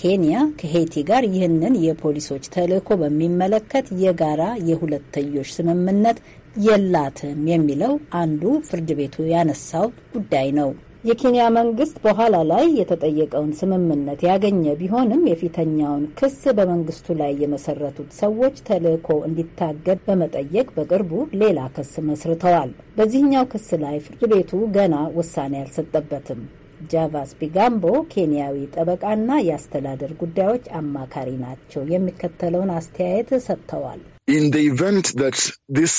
ኬንያ ከሄቲ ጋር ይህንን የፖሊሶች ተልዕኮ በሚመለከት የጋራ የሁለትዮሽ ስምምነት የላትም የሚለው አንዱ ፍርድ ቤቱ ያነሳው ጉዳይ ነው። የኬንያ መንግስት በኋላ ላይ የተጠየቀውን ስምምነት ያገኘ ቢሆንም የፊተኛውን ክስ በመንግስቱ ላይ የመሰረቱት ሰዎች ተልዕኮ እንዲታገድ በመጠየቅ በቅርቡ ሌላ ክስ መስርተዋል። በዚህኛው ክስ ላይ ፍርድ ቤቱ ገና ውሳኔ አልሰጠበትም። ጃቫስ ቢጋምቦ ኬንያዊ ጠበቃና የአስተዳደር ጉዳዮች አማካሪ ናቸው። የሚከተለውን አስተያየት ሰጥተዋል። In the event that this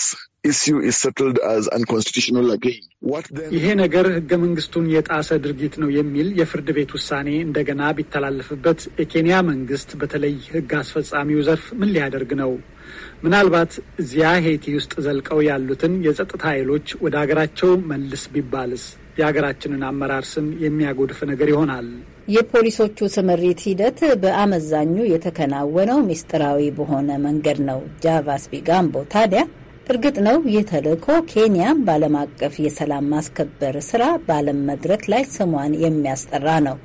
ይሄ ነገር ህገ መንግስቱን የጣሰ ድርጊት ነው የሚል የፍርድ ቤት ውሳኔ እንደገና ቢተላለፍበት የኬንያ መንግስት በተለይ ህግ አስፈጻሚው ዘርፍ ምን ሊያደርግ ነው? ምናልባት እዚያ ሄይቲ ውስጥ ዘልቀው ያሉትን የጸጥታ ኃይሎች ወደ ሀገራቸው መልስ ቢባልስ የሀገራችንን አመራር ስም የሚያጎድፍ ነገር ይሆናል። የፖሊሶቹ ስምሪት ሂደት በአመዛኙ የተከናወነው ሚስጥራዊ በሆነ መንገድ ነው። ጃቫስ ቢጋምቦ ታዲያ እርግጥ ነው ይህ ተልእኮ ኬንያም በዓለም አቀፍ የሰላም ማስከበር ስራ በዓለም መድረክ ላይ ስሟን የሚያስጠራ ነው።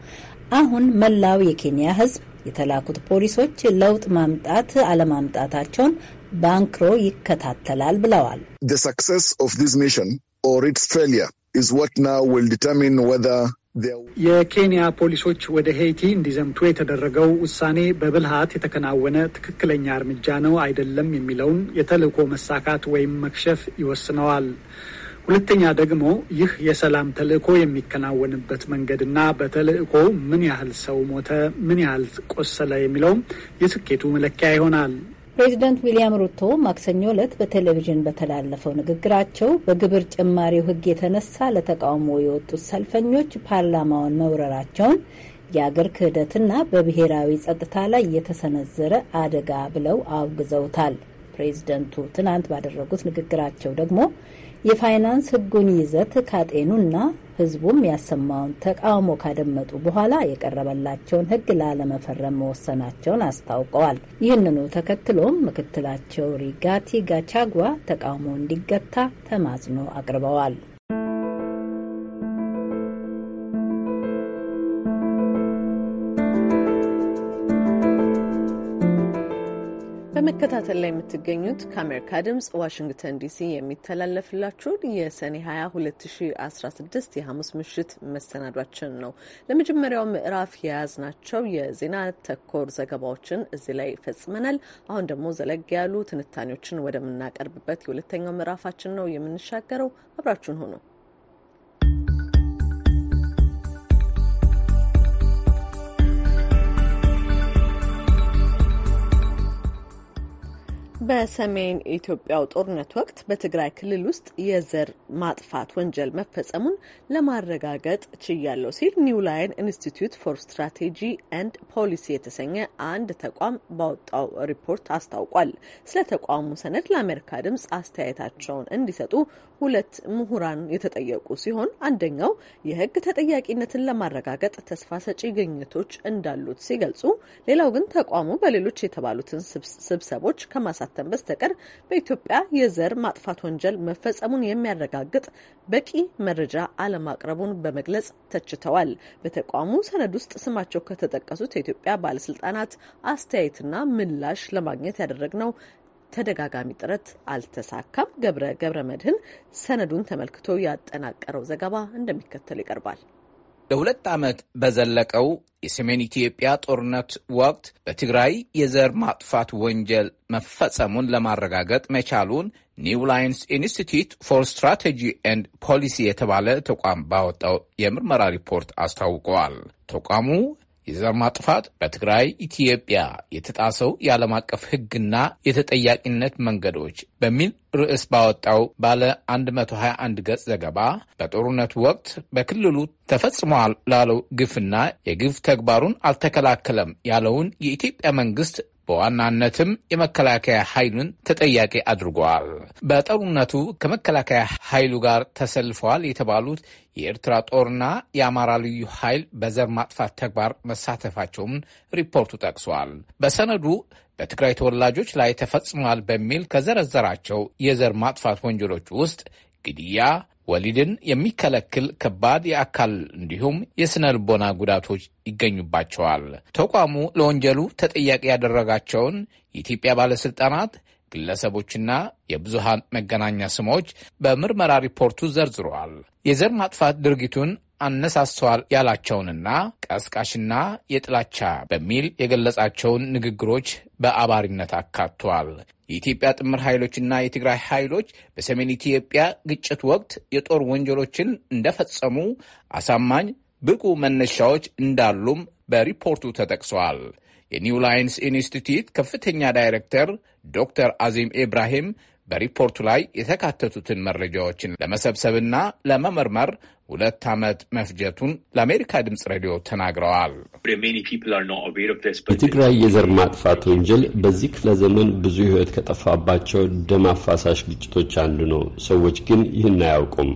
አሁን መላው የኬንያ ሕዝብ የተላኩት ፖሊሶች ለውጥ ማምጣት አለማምጣታቸውን በአንክሮ ይከታተላል ብለዋል። ስ ስ ዲስ ሚሽን ኦር ኢትስ ፌሊየር ኢዝ ዋት ናው ዊል ዲተርሚን ወዘር የኬንያ ፖሊሶች ወደ ሄይቲ እንዲዘምቱ የተደረገው ውሳኔ በብልሃት የተከናወነ ትክክለኛ እርምጃ ነው አይደለም የሚለውን የተልዕኮ መሳካት ወይም መክሸፍ ይወስነዋል። ሁለተኛ ደግሞ ይህ የሰላም ተልዕኮ የሚከናወንበት መንገድና በተልዕኮ ምን ያህል ሰው ሞተ፣ ምን ያህል ቆሰለ የሚለውም የስኬቱ መለኪያ ይሆናል። ፕሬዚደንት ዊልያም ሩቶ ማክሰኞ ዕለት በቴሌቪዥን በተላለፈው ንግግራቸው በግብር ጭማሪው ሕግ የተነሳ ለተቃውሞ የወጡት ሰልፈኞች ፓርላማውን መውረራቸውን የአገር ክህደትና በብሔራዊ ጸጥታ ላይ የተሰነዘረ አደጋ ብለው አውግዘውታል። ፕሬዚደንቱ ትናንት ባደረጉት ንግግራቸው ደግሞ የፋይናንስ ህጉን ይዘት ካጤኑና ህዝቡም ያሰማውን ተቃውሞ ካደመጡ በኋላ የቀረበላቸውን ህግ ላለመፈረም መወሰናቸውን አስታውቀዋል። ይህንኑ ተከትሎም ምክትላቸው ሪጋቲ ጋቻጓ ተቃውሞ እንዲገታ ተማጽኖ አቅርበዋል። በመከታተል ላይ የምትገኙት ከአሜሪካ ድምጽ ዋሽንግተን ዲሲ የሚተላለፍላችሁን የሰኔ 20 2016 የሐሙስ ምሽት መሰናዷችን ነው። ለመጀመሪያው ምዕራፍ የያዝናቸው የዜና ተኮር ዘገባዎችን እዚህ ላይ ፈጽመናል። አሁን ደግሞ ዘለግ ያሉ ትንታኔዎችን ወደምናቀርብበት የሁለተኛው ምዕራፋችን ነው የምንሻገረው። አብራችሁን ሆኖ በሰሜን ኢትዮጵያው ጦርነት ወቅት በትግራይ ክልል ውስጥ የዘር ማጥፋት ወንጀል መፈጸሙን ለማረጋገጥ ችያለው ሲል ኒው ላይን ኢንስቲትዩት ፎር ስትራቴጂ ኤንድ ፖሊሲ የተሰኘ አንድ ተቋም ባወጣው ሪፖርት አስታውቋል። ስለ ተቋሙ ሰነድ ለአሜሪካ ድምጽ አስተያየታቸውን እንዲሰጡ ሁለት ምሁራን የተጠየቁ ሲሆን አንደኛው የህግ ተጠያቂነትን ለማረጋገጥ ተስፋ ሰጪ ግኝቶች እንዳሉት ሲገልጹ፣ ሌላው ግን ተቋሙ በሌሎች የተባሉትን ስብሰቦች ከማሳተም በስተቀር በኢትዮጵያ የዘር ማጥፋት ወንጀል መፈጸሙን የሚያረጋግጥ በቂ መረጃ አለማቅረቡን በመግለጽ ተችተዋል። በተቋሙ ሰነድ ውስጥ ስማቸው ከተጠቀሱት የኢትዮጵያ ባለስልጣናት አስተያየትና ምላሽ ለማግኘት ያደረግነው ተደጋጋሚ ጥረት አልተሳካም። ገብረ ገብረ መድህን ሰነዱን ተመልክቶ ያጠናቀረው ዘገባ እንደሚከተል ይቀርባል። ለሁለት ዓመት በዘለቀው የሰሜን ኢትዮጵያ ጦርነት ወቅት በትግራይ የዘር ማጥፋት ወንጀል መፈጸሙን ለማረጋገጥ መቻሉን ኒው ላይንስ ኢንስቲትዩት ፎር ስትራቴጂ ኤንድ ፖሊሲ የተባለ ተቋም ባወጣው የምርመራ ሪፖርት አስታውቀዋል። ተቋሙ የዘር ማጥፋት በትግራይ ኢትዮጵያ የተጣሰው የዓለም አቀፍ ሕግና የተጠያቂነት መንገዶች በሚል ርዕስ ባወጣው ባለ 121 ገጽ ዘገባ በጦርነቱ ወቅት በክልሉ ተፈጽሟል ላለው ግፍና የግፍ ተግባሩን አልተከላከለም ያለውን የኢትዮጵያ መንግስት በዋናነትም የመከላከያ ኃይሉን ተጠያቂ አድርጓል። በጦርነቱ ከመከላከያ ኃይሉ ጋር ተሰልፈዋል የተባሉት የኤርትራ ጦርና የአማራ ልዩ ኃይል በዘር ማጥፋት ተግባር መሳተፋቸውን ሪፖርቱ ጠቅሷል። በሰነዱ በትግራይ ተወላጆች ላይ ተፈጽሟል በሚል ከዘረዘራቸው የዘር ማጥፋት ወንጀሎች ውስጥ ግድያ፣ ወሊድን የሚከለክል ከባድ የአካል እንዲሁም የስነ ልቦና ጉዳቶች ይገኙባቸዋል። ተቋሙ ለወንጀሉ ተጠያቂ ያደረጋቸውን የኢትዮጵያ ባለሥልጣናት፣ ግለሰቦችና የብዙሃን መገናኛ ስሞች በምርመራ ሪፖርቱ ዘርዝረዋል። የዘር ማጥፋት ድርጊቱን አነሳስተዋል ያላቸውንና ቀስቃሽና የጥላቻ በሚል የገለጻቸውን ንግግሮች በአባሪነት አካቷል። የኢትዮጵያ ጥምር ኃይሎችና የትግራይ ኃይሎች በሰሜን ኢትዮጵያ ግጭት ወቅት የጦር ወንጀሎችን እንደፈጸሙ አሳማኝ ብቁ መነሻዎች እንዳሉም በሪፖርቱ ተጠቅሰዋል። የኒው ላይንስ ኢንስቲትዩት ከፍተኛ ዳይሬክተር ዶክተር አዚም ኢብራሂም በሪፖርቱ ላይ የተካተቱትን መረጃዎችን ለመሰብሰብና ለመመርመር ሁለት ዓመት መፍጀቱን ለአሜሪካ ድምፅ ሬዲዮ ተናግረዋል። የትግራይ የዘር ማጥፋት ወንጀል በዚህ ክፍለ ዘመን ብዙ ሕይወት ከጠፋባቸው ደም አፋሳሽ ግጭቶች አንዱ ነው። ሰዎች ግን ይህን አያውቁም።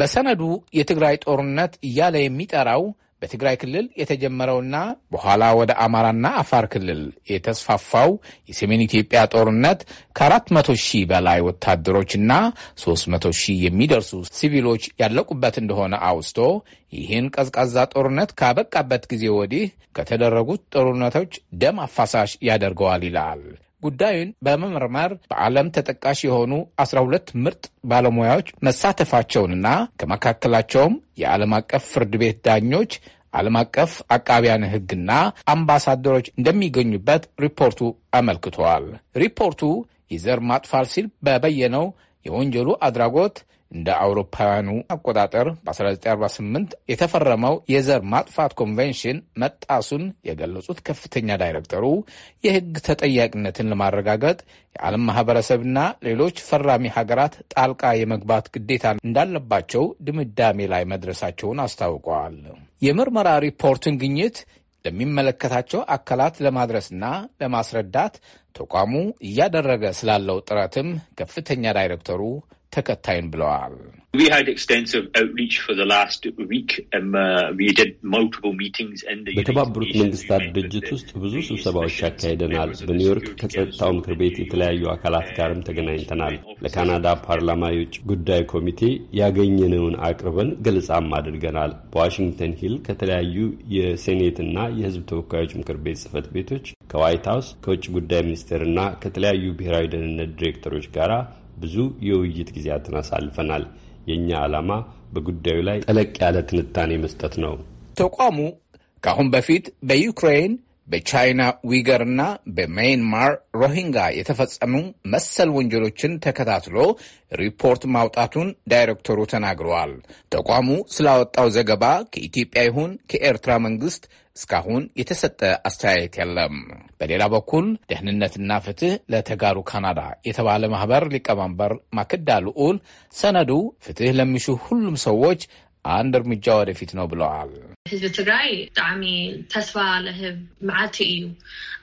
በሰነዱ የትግራይ ጦርነት እያለ የሚጠራው በትግራይ ክልል የተጀመረውና በኋላ ወደ አማራና አፋር ክልል የተስፋፋው የሰሜን ኢትዮጵያ ጦርነት ከአራት መቶ ሺህ በላይ ወታደሮችና ሶስት መቶ ሺህ የሚደርሱ ሲቪሎች ያለቁበት እንደሆነ አውስቶ ይህን ቀዝቃዛ ጦርነት ካበቃበት ጊዜ ወዲህ ከተደረጉት ጦርነቶች ደም አፋሳሽ ያደርገዋል ይላል። ጉዳዩን በመመርመር በዓለም ተጠቃሽ የሆኑ 12 ምርጥ ባለሙያዎች መሳተፋቸውንና ከመካከላቸውም የዓለም አቀፍ ፍርድ ቤት ዳኞች ዓለም አቀፍ አቃቢያን ሕግና አምባሳደሮች እንደሚገኙበት ሪፖርቱ አመልክቷል። ሪፖርቱ የዘር ማጥፋል ሲል በበየነው የወንጀሉ አድራጎት እንደ አውሮፓውያኑ አቆጣጠር በ1948 የተፈረመው የዘር ማጥፋት ኮንቬንሽን መጣሱን የገለጹት ከፍተኛ ዳይሬክተሩ የሕግ ተጠያቂነትን ለማረጋገጥ የዓለም ማህበረሰብና ሌሎች ፈራሚ ሀገራት ጣልቃ የመግባት ግዴታ እንዳለባቸው ድምዳሜ ላይ መድረሳቸውን አስታውቀዋል። የምርመራ ሪፖርቱን ግኝት ለሚመለከታቸው አካላት ለማድረስና ለማስረዳት ተቋሙ እያደረገ ስላለው ጥረትም ከፍተኛ ዳይሬክተሩ ተከታይን ብለዋል። um, uh, በተባበሩት መንግስታት ድርጅት ውስጥ ብዙ ስብሰባዎች አካሂደናል። በኒውዮርክ ከጸጥታው ምክር ቤት የተለያዩ አካላት ጋርም ተገናኝተናል። ለካናዳ ፓርላማ የውጭ ጉዳይ ኮሚቴ ያገኘነውን አቅርበን ገለጻም አድርገናል። በዋሽንግተን ሂል ከተለያዩ የሴኔትና የህዝብ ተወካዮች ምክር ቤት ጽህፈት ቤቶች ከዋይት ሀውስ ከውጭ ጉዳይ ሚኒስቴርና ከተለያዩ ብሔራዊ ደህንነት ዲሬክተሮች ጋር ብዙ የውይይት ጊዜያትን አሳልፈናል። የእኛ ዓላማ በጉዳዩ ላይ ጠለቅ ያለ ትንታኔ መስጠት ነው። ተቋሙ ከአሁን በፊት በዩክሬን በቻይና ዊገር እና በሜንማር ሮሂንጋ የተፈጸሙ መሰል ወንጀሎችን ተከታትሎ ሪፖርት ማውጣቱን ዳይሬክተሩ ተናግረዋል። ተቋሙ ስላወጣው ዘገባ ከኢትዮጵያ ይሁን ከኤርትራ መንግስት እስካሁን የተሰጠ አስተያየት የለም። በሌላ በኩል ደህንነትና ፍትህ ለተጋሩ ካናዳ የተባለ ማህበር ሊቀመንበር ማክዳ ልዑል ሰነዱ ፍትህ ለሚሹ ሁሉም ሰዎች አንድ እርምጃ ወደፊት ነው ብለዋል። ህዝቢ ትግራይ ብጣዕሚ ተስፋ ለህብ መዓልቲ እዩ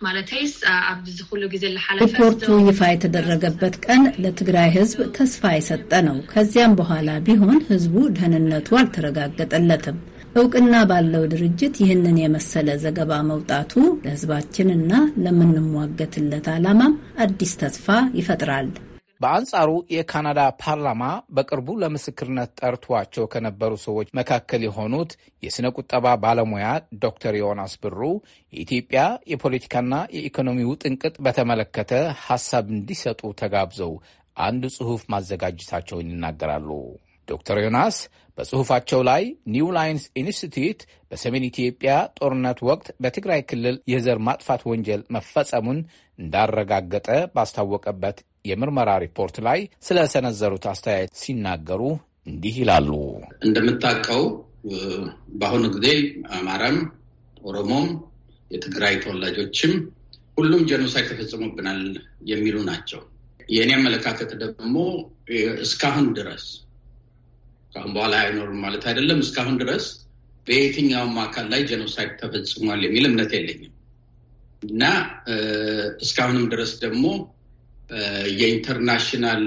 ማለተይስ ኣብዚ ኩሉ ግዜ ዝሓለፈ ሪፖርቱ ይፋ የተደረገበት ቀን ለትግራይ ህዝብ ተስፋ የሰጠ ነው። ከዚያም በኋላ ቢሆን ህዝቡ ደህንነቱ አልተረጋገጠለትም። እውቅና ባለው ድርጅት ይህንን የመሰለ ዘገባ መውጣቱ ለህዝባችንና ለምንሟገትለት ዓላማም አዲስ ተስፋ ይፈጥራል። በአንጻሩ የካናዳ ፓርላማ በቅርቡ ለምስክርነት ጠርቷቸው ከነበሩ ሰዎች መካከል የሆኑት የሥነ ቁጠባ ባለሙያ ዶክተር ዮናስ ብሩ የኢትዮጵያ የፖለቲካና የኢኮኖሚው ጥንቅጥ በተመለከተ ሐሳብ እንዲሰጡ ተጋብዘው አንድ ጽሑፍ ማዘጋጀታቸውን ይናገራሉ። ዶክተር ዮናስ በጽሑፋቸው ላይ ኒው ላይንስ ኢንስቲትዩት በሰሜን ኢትዮጵያ ጦርነት ወቅት በትግራይ ክልል የዘር ማጥፋት ወንጀል መፈጸሙን እንዳረጋገጠ ባስታወቀበት የምርመራ ሪፖርት ላይ ስለሰነዘሩት አስተያየት ሲናገሩ እንዲህ ይላሉ። እንደምታውቀው በአሁኑ ጊዜ አማራም፣ ኦሮሞም፣ የትግራይ ተወላጆችም ሁሉም ጀኖሳይድ ተፈጽሞብናል የሚሉ ናቸው። የእኔ አመለካከት ደግሞ እስካሁን ድረስ ከአሁን በኋላ አይኖርም ማለት አይደለም። እስካሁን ድረስ በየትኛውም አካል ላይ ጀኖሳይድ ተፈጽሟል የሚል እምነት የለኝም እና እስካሁንም ድረስ ደግሞ የኢንተርናሽናል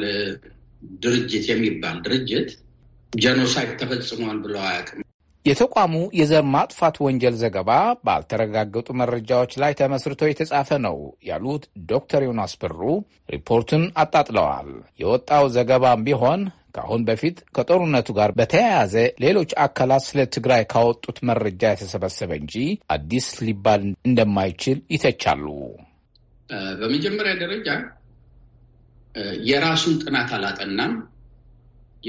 ድርጅት የሚባል ድርጅት ጀኖሳይድ ተፈጽሟል ብለው አያውቅም። የተቋሙ የዘር ማጥፋት ወንጀል ዘገባ ባልተረጋገጡ መረጃዎች ላይ ተመስርቶ የተጻፈ ነው ያሉት ዶክተር ዮናስ ብሩ ሪፖርቱን አጣጥለዋል። የወጣው ዘገባም ቢሆን ከአሁን በፊት ከጦርነቱ ጋር በተያያዘ ሌሎች አካላት ስለ ትግራይ ካወጡት መረጃ የተሰበሰበ እንጂ አዲስ ሊባል እንደማይችል ይተቻሉ። በመጀመሪያ ደረጃ የራሱን ጥናት አላጠናም፣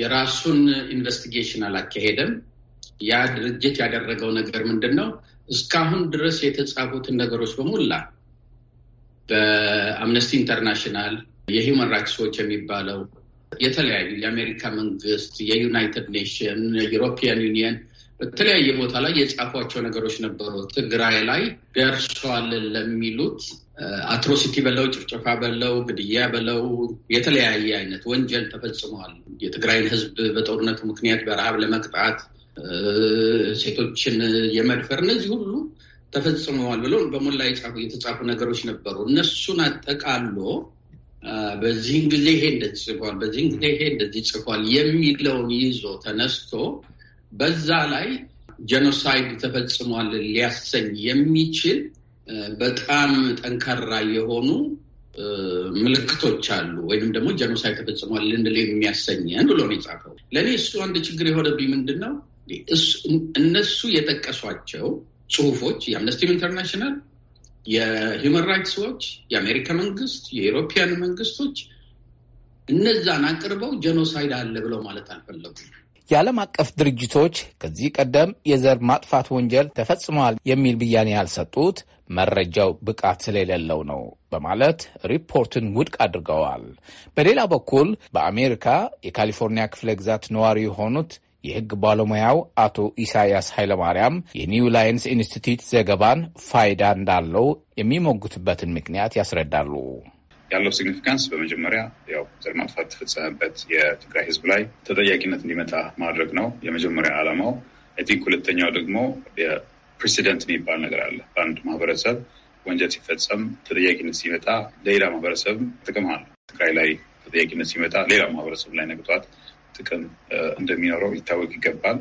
የራሱን ኢንቨስቲጌሽን አላካሄደም። ያ ድርጅት ያደረገው ነገር ምንድን ነው? እስካሁን ድረስ የተጻፉትን ነገሮች በሙላ በአምነስቲ ኢንተርናሽናል የሂውማን ራይትስ ዎች የሚባለው የተለያዩ የአሜሪካ መንግስት፣ የዩናይትድ ኔሽን፣ የዩሮፒያን ዩኒየን በተለያየ ቦታ ላይ የጻፏቸው ነገሮች ነበሩ። ትግራይ ላይ ደርሷል ለሚሉት አትሮሲቲ በለው ጭፍጨፋ በለው ግድያ በለው የተለያየ አይነት ወንጀል ተፈጽመዋል። የትግራይን ህዝብ በጦርነቱ ምክንያት በረሃብ ለመቅጣት ሴቶችን የመድፈር እነዚህ ሁሉ ተፈጽመዋል ብሎ በሞላ የተጻፉ ነገሮች ነበሩ። እነሱን አጠቃሎ በዚህን ጊዜ ይሄ እንደዚህ ጽፏል፣ በዚህን ጊዜ ይሄ እንደዚህ ጽፏል የሚለውን ይዞ ተነስቶ በዛ ላይ ጀኖሳይድ ተፈጽሟል ሊያሰኝ የሚችል በጣም ጠንካራ የሆኑ ምልክቶች አሉ ወይም ደግሞ ጀኖሳይድ ተፈጽሟል ልንል የሚያሰኘን ብሎ ነው የጻፈው። ለእኔ እሱ አንድ ችግር የሆነብኝ ምንድን ነው እነሱ የጠቀሷቸው ጽሁፎች የአምነስቲም ኢንተርናሽናል የሂውማን ራይትስ ዎች፣ የአሜሪካ መንግስት፣ የኢሮፒያን መንግስቶች እነዛን አቅርበው ጀኖሳይድ አለ ብለው ማለት አልፈለጉም። የዓለም አቀፍ ድርጅቶች ከዚህ ቀደም የዘር ማጥፋት ወንጀል ተፈጽመዋል የሚል ብያኔ ያልሰጡት መረጃው ብቃት ስለሌለው ነው በማለት ሪፖርትን ውድቅ አድርገዋል። በሌላ በኩል በአሜሪካ የካሊፎርኒያ ክፍለ ግዛት ነዋሪ የሆኑት የህግ ባለሙያው አቶ ኢሳያስ ኃይለማርያም የኒው ላይንስ ኢንስቲትዩት ዘገባን ፋይዳ እንዳለው የሚሞግቱበትን ምክንያት ያስረዳሉ። ያለው ሲግኒፊካንስ በመጀመሪያ ያው ዘር ማጥፋት የተፈጸመበት የትግራይ ህዝብ ላይ ተጠያቂነት እንዲመጣ ማድረግ ነው የመጀመሪያ ዓላማው። አይ ቲንክ ሁለተኛው ደግሞ የፕሬሲደንት የሚባል ነገር አለ። በአንድ ማህበረሰብ ወንጀል ሲፈጸም ተጠያቂነት ሲመጣ ሌላ ማህበረሰብ ጥቅም አለ። ትግራይ ላይ ተጠያቂነት ሲመጣ ሌላ ማህበረሰብ ላይ ነግቷት ጥቅም እንደሚኖረው ይታወቅ ይገባል።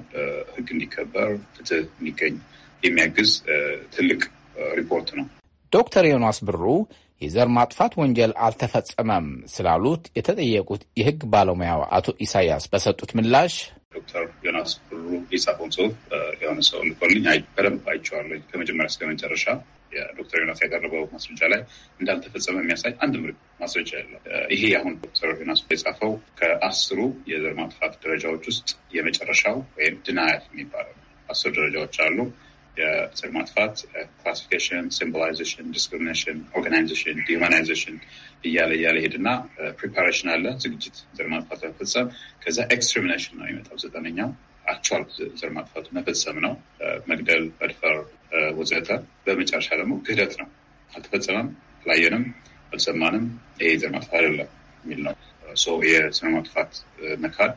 ህግ እንዲከበር፣ ፍትህ እንዲገኝ የሚያግዝ ትልቅ ሪፖርት ነው። ዶክተር ዮናስ ብሩ የዘር ማጥፋት ወንጀል አልተፈጸመም ስላሉት የተጠየቁት የህግ ባለሙያው አቶ ኢሳያስ በሰጡት ምላሽ ዶክተር ዮናስ ብሩ የጻፈውን ጽሁፍ የሆነ ሰው ልኮልኝ በደንብ አይቼዋለሁ ከመጀመሪያ እስከ መጨረሻ የዶክተር ዮናስ ያቀረበው ማስረጃ ላይ እንዳልተፈጸመ የሚያሳይ አንድ ማስረጃ የለም። ይሄ አሁን ዶክተር ዮናስ የጻፈው ከአስሩ የዘር ማጥፋት ደረጃዎች ውስጥ የመጨረሻው ወይም ድናያት የሚባለው አስር ደረጃዎች አሉ። የዘር ማጥፋት ክላሲፊኬሽን፣ ሲምቦላይዜሽን፣ ዲስክሪሚኔሽን፣ ኦርጋናይዜሽን፣ ዲሁማናይዜሽን እያለ እያለ ሄድና ፕሪፓሬሽን አለ ዝግጅት ዘር ማጥፋት ለመፈጸም ከዛ ኤክስትሪሚኔሽን ነው የሚመጣው ዘጠነኛው አክቹዋል ዘር ማጥፋት መፈጸም ነው፣ መግደል፣ መድፈር ወዘተ። በመጨረሻ ደግሞ ክህደት ነው። አልተፈጸመም፣ አላየንም፣ አልሰማንም፣ ይሄ ዘር ማጥፋት አይደለም የሚል ነው። የዘር ማጥፋት መካድ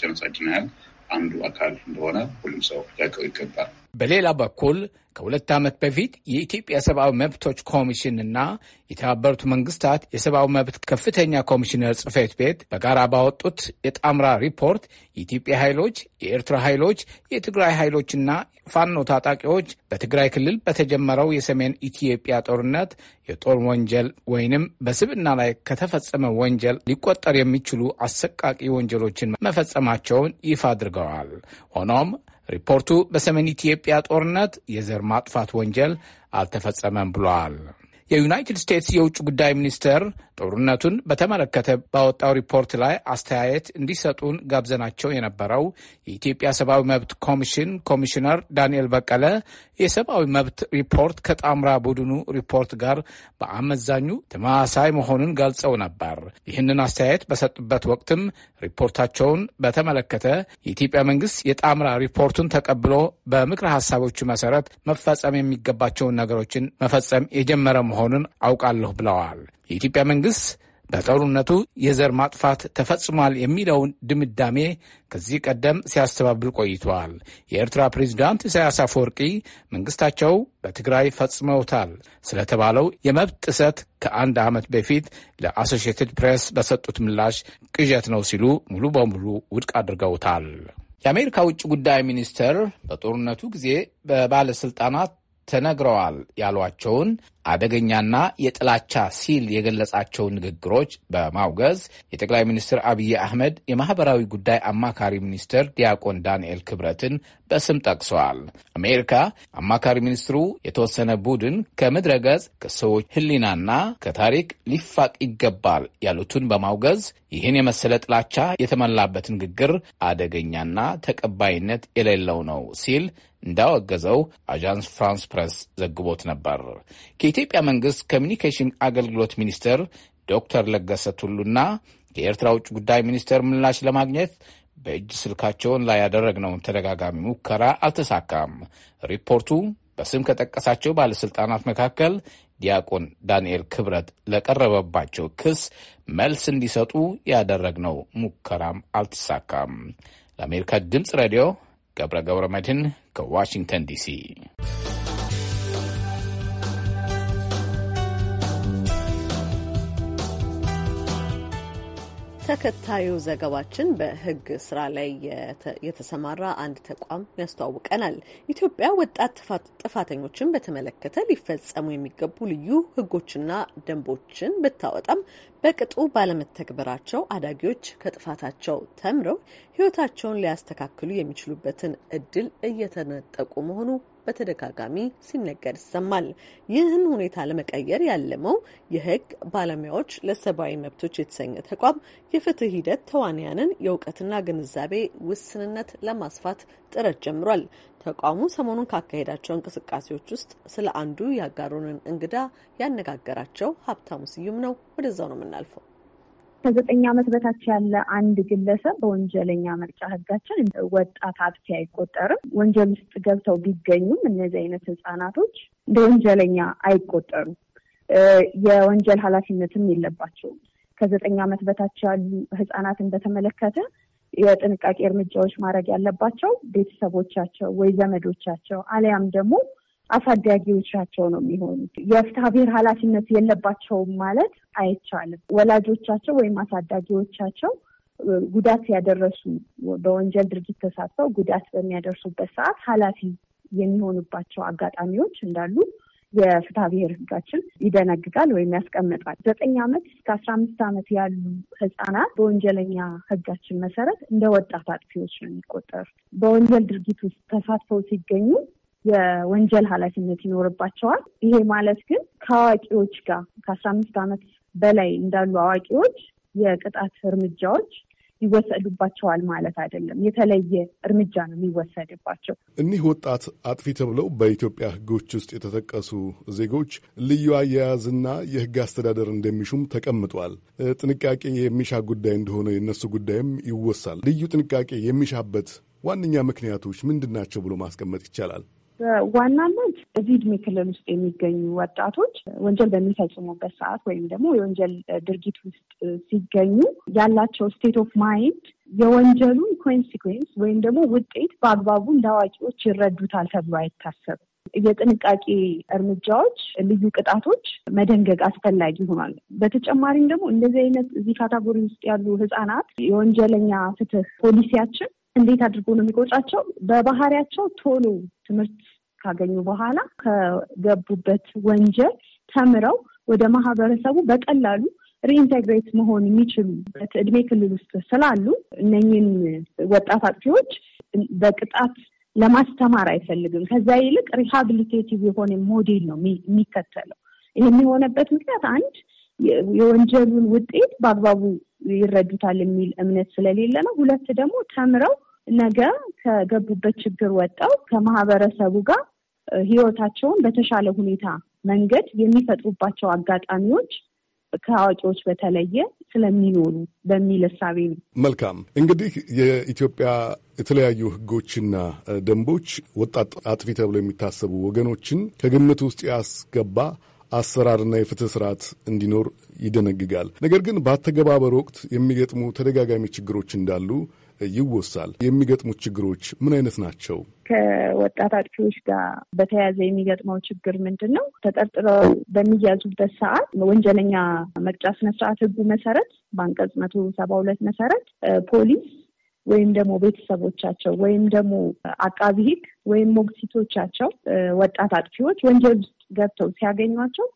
ጀኖሳይድ ናያል አንዱ አካል እንደሆነ ሁሉም ሰው ሊያውቀው ይገባል። በሌላ በኩል ከሁለት ዓመት በፊት የኢትዮጵያ ሰብአዊ መብቶች ኮሚሽንና የተባበሩት መንግስታት የሰብአዊ መብት ከፍተኛ ኮሚሽነር ጽፈት ቤት በጋራ ባወጡት የጣምራ ሪፖርት የኢትዮጵያ ኃይሎች፣ የኤርትራ ኃይሎች፣ የትግራይ ኃይሎችና ፋኖ ታጣቂዎች በትግራይ ክልል በተጀመረው የሰሜን ኢትዮጵያ ጦርነት የጦር ወንጀል ወይንም በስብና ላይ ከተፈጸመ ወንጀል ሊቆጠር የሚችሉ አሰቃቂ ወንጀሎችን መፈጸማቸውን ይፋ አድርገዋል። ሆኖም ሪፖርቱ በሰሜን ኢትዮጵያ ጦርነት የዘር ማጥፋት ወንጀል አልተፈጸመም ብሏል። የዩናይትድ ስቴትስ የውጭ ጉዳይ ሚኒስትር ጦርነቱን በተመለከተ ባወጣው ሪፖርት ላይ አስተያየት እንዲሰጡን ጋብዘናቸው የነበረው የኢትዮጵያ ሰብአዊ መብት ኮሚሽን ኮሚሽነር ዳንኤል በቀለ የሰብአዊ መብት ሪፖርት ከጣምራ ቡድኑ ሪፖርት ጋር በአመዛኙ ተመሳሳይ መሆኑን ገልጸው ነበር። ይህንን አስተያየት በሰጡበት ወቅትም ሪፖርታቸውን በተመለከተ የኢትዮጵያ መንግስት የጣምራ ሪፖርቱን ተቀብሎ በምክረ ሀሳቦቹ መሰረት መፈጸም የሚገባቸውን ነገሮችን መፈጸም የጀመረ መሆኑን መሆኑን አውቃለሁ ብለዋል። የኢትዮጵያ መንግስት በጦርነቱ የዘር ማጥፋት ተፈጽሟል የሚለውን ድምዳሜ ከዚህ ቀደም ሲያስተባብል ቆይቷል። የኤርትራ ፕሬዚዳንት ኢሳያስ አፈወርቂ መንግስታቸው በትግራይ ፈጽመውታል ስለተባለው የመብት ጥሰት ከአንድ ዓመት በፊት ለአሶሺየትድ ፕሬስ በሰጡት ምላሽ ቅዠት ነው ሲሉ ሙሉ በሙሉ ውድቅ አድርገውታል። የአሜሪካ ውጭ ጉዳይ ሚኒስቴር በጦርነቱ ጊዜ በባለሥልጣናት ተነግረዋል ያሏቸውን አደገኛና የጥላቻ ሲል የገለጻቸውን ንግግሮች በማውገዝ የጠቅላይ ሚኒስትር አብይ አህመድ የማህበራዊ ጉዳይ አማካሪ ሚኒስትር ዲያቆን ዳንኤል ክብረትን በስም ጠቅሰዋል። አሜሪካ አማካሪ ሚኒስትሩ የተወሰነ ቡድን ከምድረ ገጽ ከሰዎች ሕሊናና ከታሪክ ሊፋቅ ይገባል ያሉትን በማውገዝ ይህን የመሰለ ጥላቻ የተሞላበት ንግግር አደገኛና ተቀባይነት የሌለው ነው ሲል እንዳወገዘው አጃንስ ፍራንስ ፕሬስ ዘግቦት ነበር። የኢትዮጵያ መንግስት ኮሚኒኬሽን አገልግሎት ሚኒስትር ዶክተር ለገሰ ቱሉና የኤርትራ ውጭ ጉዳይ ሚኒስትር ምላሽ ለማግኘት በእጅ ስልካቸውን ላይ ያደረግነውን ተደጋጋሚ ሙከራ አልተሳካም። ሪፖርቱ በስም ከጠቀሳቸው ባለሥልጣናት መካከል ዲያቆን ዳንኤል ክብረት ለቀረበባቸው ክስ መልስ እንዲሰጡ ያደረግነው ሙከራም አልተሳካም። ለአሜሪካ ድምፅ ሬዲዮ ገብረ ገብረ መድህን ከዋሽንግተን ዲሲ ተከታዩ ዘገባችን በሕግ ስራ ላይ የተሰማራ አንድ ተቋም ያስተዋውቀናል። ኢትዮጵያ ወጣት ጥፋተኞችን በተመለከተ ሊፈጸሙ የሚገቡ ልዩ ሕጎችና ደንቦችን ብታወጣም በቅጡ ባለመተግበራቸው አዳጊዎች ከጥፋታቸው ተምረው ሕይወታቸውን ሊያስተካክሉ የሚችሉበትን እድል እየተነጠቁ መሆኑ በተደጋጋሚ ሲነገር ይሰማል። ይህን ሁኔታ ለመቀየር ያለመው የህግ ባለሙያዎች ለሰብአዊ መብቶች የተሰኘ ተቋም የፍትህ ሂደት ተዋንያንን የእውቀትና ግንዛቤ ውስንነት ለማስፋት ጥረት ጀምሯል። ተቋሙ ሰሞኑን ካካሄዳቸው እንቅስቃሴዎች ውስጥ ስለ አንዱ ያጋሩንን እንግዳ ያነጋገራቸው ሀብታሙ ስዩም ነው። ወደዛው ነው የምናልፈው። ከዘጠኝ ዓመት በታች ያለ አንድ ግለሰብ በወንጀለኛ መርጫ ህጋችን ወጣት አጥፊ አይቆጠርም። ወንጀል ውስጥ ገብተው ቢገኙም እነዚህ አይነት ህጻናቶች እንደ ወንጀለኛ አይቆጠሩም። የወንጀል ኃላፊነትም የለባቸውም። ከዘጠኝ ዓመት በታች ያሉ ህጻናትን በተመለከተ የጥንቃቄ እርምጃዎች ማድረግ ያለባቸው ቤተሰቦቻቸው ወይ ዘመዶቻቸው አሊያም ደግሞ አሳዳጊዎች ናቸው ነው የሚሆኑት። የፍትሐ ብሔር ኃላፊነት የለባቸውም ማለት አይቻልም። ወላጆቻቸው ወይም አሳዳጊዎቻቸው ጉዳት ያደረሱ በወንጀል ድርጊት ተሳትፈው ጉዳት በሚያደርሱበት ሰዓት ኃላፊ የሚሆኑባቸው አጋጣሚዎች እንዳሉ የፍትሐ ብሔር ህጋችን ይደነግጋል ወይም ያስቀምጣል። ዘጠኝ ዓመት እስከ አስራ አምስት ዓመት ያሉ ህጻናት በወንጀለኛ ህጋችን መሰረት እንደ ወጣት አጥፊዎች ነው የሚቆጠሩት። በወንጀል ድርጊት ውስጥ ተሳትፈው ሲገኙ የወንጀል ኃላፊነት ይኖርባቸዋል። ይሄ ማለት ግን ከአዋቂዎች ጋር ከአስራ አምስት ዓመት በላይ እንዳሉ አዋቂዎች የቅጣት እርምጃዎች ይወሰዱባቸዋል ማለት አይደለም። የተለየ እርምጃ ነው የሚወሰድባቸው። እኒህ ወጣት አጥፊ ተብለው በኢትዮጵያ ሕጎች ውስጥ የተጠቀሱ ዜጎች ልዩ አያያዝና የሕግ አስተዳደር እንደሚሹም ተቀምጧል። ጥንቃቄ የሚሻ ጉዳይ እንደሆነ የነሱ ጉዳይም ይወሳል። ልዩ ጥንቃቄ የሚሻበት ዋነኛ ምክንያቶች ምንድን ናቸው ብሎ ማስቀመጥ ይቻላል? በዋናነት እዚህ እድሜ ክልል ውስጥ የሚገኙ ወጣቶች ወንጀል በሚፈጽሙበት ሰዓት ወይም ደግሞ የወንጀል ድርጊት ውስጥ ሲገኙ ያላቸው ስቴት ኦፍ ማይንድ የወንጀሉን ኮንሲኩዌንስ ወይም ደግሞ ውጤት በአግባቡ እንደ አዋቂዎች ይረዱታል ተብሎ አይታሰብም። የጥንቃቄ እርምጃዎች፣ ልዩ ቅጣቶች መደንገግ አስፈላጊ ሆኗል። በተጨማሪም ደግሞ እንደዚህ አይነት እዚህ ካታጎሪ ውስጥ ያሉ ህጻናት የወንጀለኛ ፍትህ ፖሊሲያችን እንዴት አድርጎ ነው የሚቆጫቸው? በባህሪያቸው ቶሎ ትምህርት ካገኙ በኋላ ከገቡበት ወንጀል ተምረው ወደ ማህበረሰቡ በቀላሉ ሪኢንቴግሬት መሆን የሚችሉበት እድሜ ክልል ውስጥ ስላሉ እነኝን ወጣት አጥፊዎች በቅጣት ለማስተማር አይፈልግም። ከዛ ይልቅ ሪሃብሊቴቲቭ የሆነ ሞዴል ነው የሚከተለው። ይህ የሚሆነበት ምክንያት አንድ የወንጀሉን ውጤት በአግባቡ ይረዱታል የሚል እምነት ስለሌለ ነው። ሁለት ደግሞ ተምረው ነገ ከገቡበት ችግር ወጠው ከማህበረሰቡ ጋር ህይወታቸውን በተሻለ ሁኔታ መንገድ የሚፈጥሩባቸው አጋጣሚዎች ከአዋቂዎች በተለየ ስለሚኖሩ በሚል እሳቤ ነው። መልካም እንግዲህ የኢትዮጵያ የተለያዩ ህጎችና ደንቦች ወጣት አጥፊ ተብሎ የሚታሰቡ ወገኖችን ከግምት ውስጥ ያስገባ አሰራርና የፍትህ ስርዓት እንዲኖር ይደነግጋል። ነገር ግን በአተገባበር ወቅት የሚገጥሙ ተደጋጋሚ ችግሮች እንዳሉ ይወሳል። የሚገጥሙት ችግሮች ምን አይነት ናቸው? ከወጣት አጥፊዎች ጋር በተያያዘ የሚገጥመው ችግር ምንድን ነው? ተጠርጥረው በሚያዙበት ሰዓት ወንጀለኛ መቅጫ ስነስርዓት ህጉ መሰረት በአንቀጽ መቶ ሰባ ሁለት መሰረት ፖሊስ ወይም ደግሞ ቤተሰቦቻቸው ወይም ደግሞ አቃቢ ህግ ወይም ሞግሲቶቻቸው ወጣት አጥፊዎች ወንጀል ውስጥ ገብተው ሲያገኟቸው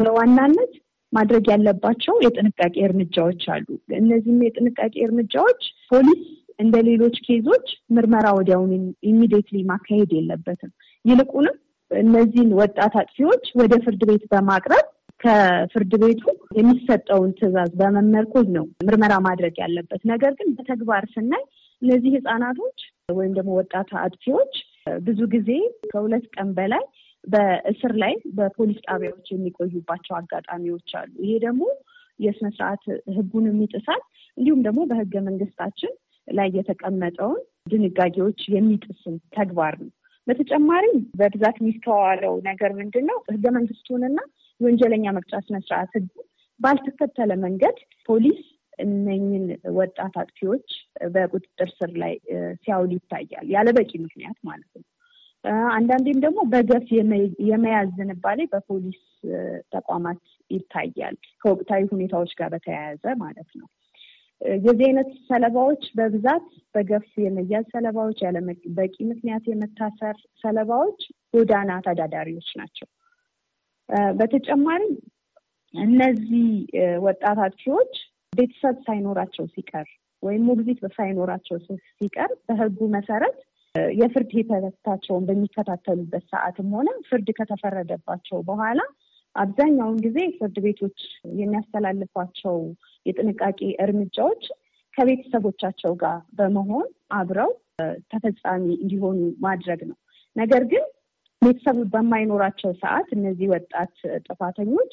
በዋናነት ማድረግ ያለባቸው የጥንቃቄ እርምጃዎች አሉ። እነዚህም የጥንቃቄ እርምጃዎች ፖሊስ እንደ ሌሎች ኬዞች ምርመራ ወዲያውን ኢሚዲየትሊ ማካሄድ የለበትም። ይልቁንም እነዚህን ወጣት አጥፊዎች ወደ ፍርድ ቤት በማቅረብ ከፍርድ ቤቱ የሚሰጠውን ትዕዛዝ በመመርኮዝ ነው ምርመራ ማድረግ ያለበት። ነገር ግን በተግባር ስናይ እነዚህ ህጻናቶች ወይም ደግሞ ወጣት አጥፊዎች ብዙ ጊዜ ከሁለት ቀን በላይ በእስር ላይ በፖሊስ ጣቢያዎች የሚቆዩባቸው አጋጣሚዎች አሉ። ይሄ ደግሞ የስነ ስርዓት ህጉንም ይጥሳል። እንዲሁም ደግሞ በህገ መንግስታችን ላይ የተቀመጠውን ድንጋጌዎች የሚጥስም ተግባር ነው። በተጨማሪም በብዛት የሚስተዋለው ነገር ምንድን ነው? ህገ መንግስቱንና የወንጀለኛ መቅጫ ስነስርዓት ህጉ ባልተከተለ መንገድ ፖሊስ እነኝን ወጣት አጥፊዎች በቁጥጥር ስር ላይ ሲያውል ይታያል፣ ያለበቂ ምክንያት ማለት ነው። አንዳንዴም ደግሞ በገፍ የመያዝ ዝንባሌ በፖሊስ ተቋማት ይታያል። ከወቅታዊ ሁኔታዎች ጋር በተያያዘ ማለት ነው። የዚህ አይነት ሰለባዎች በብዛት በገፍ የመያዝ ሰለባዎች፣ ያለ በቂ ምክንያት የመታሰር ሰለባዎች ጎዳና ተዳዳሪዎች ናቸው። በተጨማሪም እነዚህ ወጣት አጥፊዎች ቤተሰብ ሳይኖራቸው ሲቀር ወይም ሞግዚት ሳይኖራቸው ሲቀር በሕጉ መሰረት የፍርድ ሂደታቸውን በሚከታተሉበት ሰዓትም ሆነ ፍርድ ከተፈረደባቸው በኋላ አብዛኛውን ጊዜ ፍርድ ቤቶች የሚያስተላልፏቸው የጥንቃቄ እርምጃዎች ከቤተሰቦቻቸው ጋር በመሆን አብረው ተፈጻሚ እንዲሆኑ ማድረግ ነው። ነገር ግን ቤተሰቡ በማይኖራቸው ሰዓት እነዚህ ወጣት ጥፋተኞች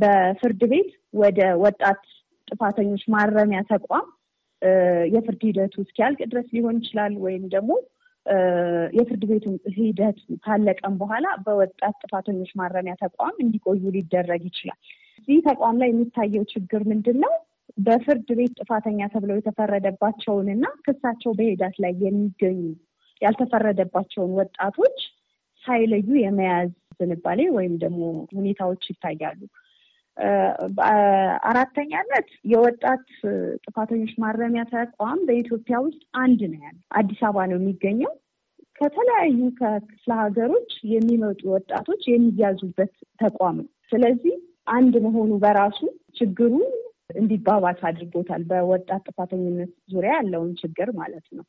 በፍርድ ቤት ወደ ወጣት ጥፋተኞች ማረሚያ ተቋም የፍርድ ሂደቱ እስኪያልቅ ድረስ ሊሆን ይችላል ወይም ደግሞ የፍርድ ቤቱን ሂደት ካለቀም በኋላ በወጣት ጥፋተኞች ማረሚያ ተቋም እንዲቆዩ ሊደረግ ይችላል። እዚህ ተቋም ላይ የሚታየው ችግር ምንድን ነው? በፍርድ ቤት ጥፋተኛ ተብለው የተፈረደባቸውንና ክሳቸው በሂደት ላይ የሚገኙ ያልተፈረደባቸውን ወጣቶች ሳይለዩ የመያዝ ዝንባሌ ወይም ደግሞ ሁኔታዎች ይታያሉ። አራተኛነት የወጣት ጥፋተኞች ማረሚያ ተቋም በኢትዮጵያ ውስጥ አንድ ነው ያለ አዲስ አበባ ነው የሚገኘው። ከተለያዩ ከክፍለ ሀገሮች የሚመጡ ወጣቶች የሚያዙበት ተቋም ነው። ስለዚህ አንድ መሆኑ በራሱ ችግሩ እንዲባባስ አድርጎታል። በወጣት ጥፋተኝነት ዙሪያ ያለውን ችግር ማለት ነው።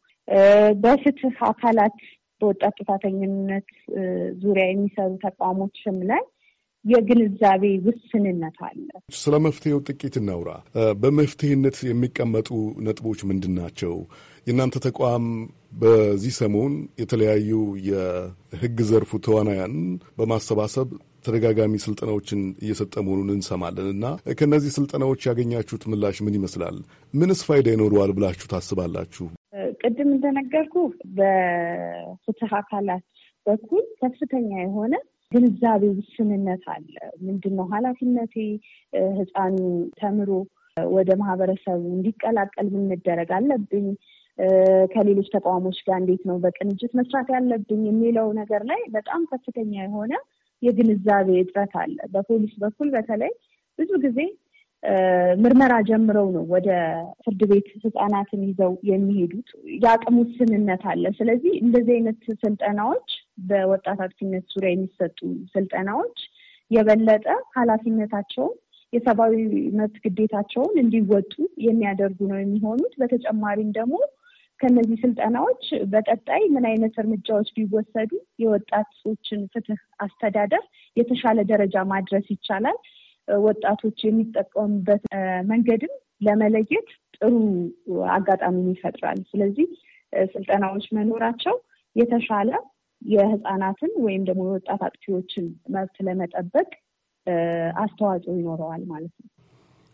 በፍትህ አካላት በወጣት ጥፋተኝነት ዙሪያ የሚሰሩ ተቋሞችም ላይ የግንዛቤ ውስንነት አለ። ስለ መፍትሄው ጥቂት እናውራ። በመፍትሄነት የሚቀመጡ ነጥቦች ምንድን ናቸው? የእናንተ ተቋም በዚህ ሰሞን የተለያዩ የሕግ ዘርፉ ተዋናያን በማሰባሰብ ተደጋጋሚ ስልጠናዎችን እየሰጠ መሆኑን እንሰማለን እና ከእነዚህ ስልጠናዎች ያገኛችሁት ምላሽ ምን ይመስላል? ምንስ ፋይዳ ይኖረዋል ብላችሁ ታስባላችሁ? ቅድም እንደነገርኩ በፍትህ አካላት በኩል ከፍተኛ የሆነ ግንዛቤ ውስንነት አለ። ምንድን ነው ኃላፊነቴ ህፃኑ ተምሮ ወደ ማህበረሰቡ እንዲቀላቀል ምን መደረግ አለብኝ ከሌሎች ተቋሞች ጋር እንዴት ነው በቅንጅት መስራት ያለብኝ የሚለው ነገር ላይ በጣም ከፍተኛ የሆነ የግንዛቤ እጥረት አለ። በፖሊስ በኩል በተለይ ብዙ ጊዜ ምርመራ ጀምረው ነው ወደ ፍርድ ቤት ህጻናትን ይዘው የሚሄዱት። የአቅም ውስንነት አለ። ስለዚህ እንደዚህ አይነት ስልጠናዎች በወጣት አጥፊነት ዙሪያ የሚሰጡ ስልጠናዎች የበለጠ ኃላፊነታቸውን የሰብአዊ መብት ግዴታቸውን እንዲወጡ የሚያደርጉ ነው የሚሆኑት። በተጨማሪም ደግሞ ከነዚህ ስልጠናዎች በቀጣይ ምን አይነት እርምጃዎች ቢወሰዱ የወጣቶችን ፍትህ አስተዳደር የተሻለ ደረጃ ማድረስ ይቻላል፣ ወጣቶች የሚጠቀሙበት መንገድም ለመለየት ጥሩ አጋጣሚን ይፈጥራል። ስለዚህ ስልጠናዎች መኖራቸው የተሻለ የህፃናትን ወይም ደግሞ የወጣት አጥፊዎችን መብት ለመጠበቅ አስተዋጽኦ ይኖረዋል ማለት ነው።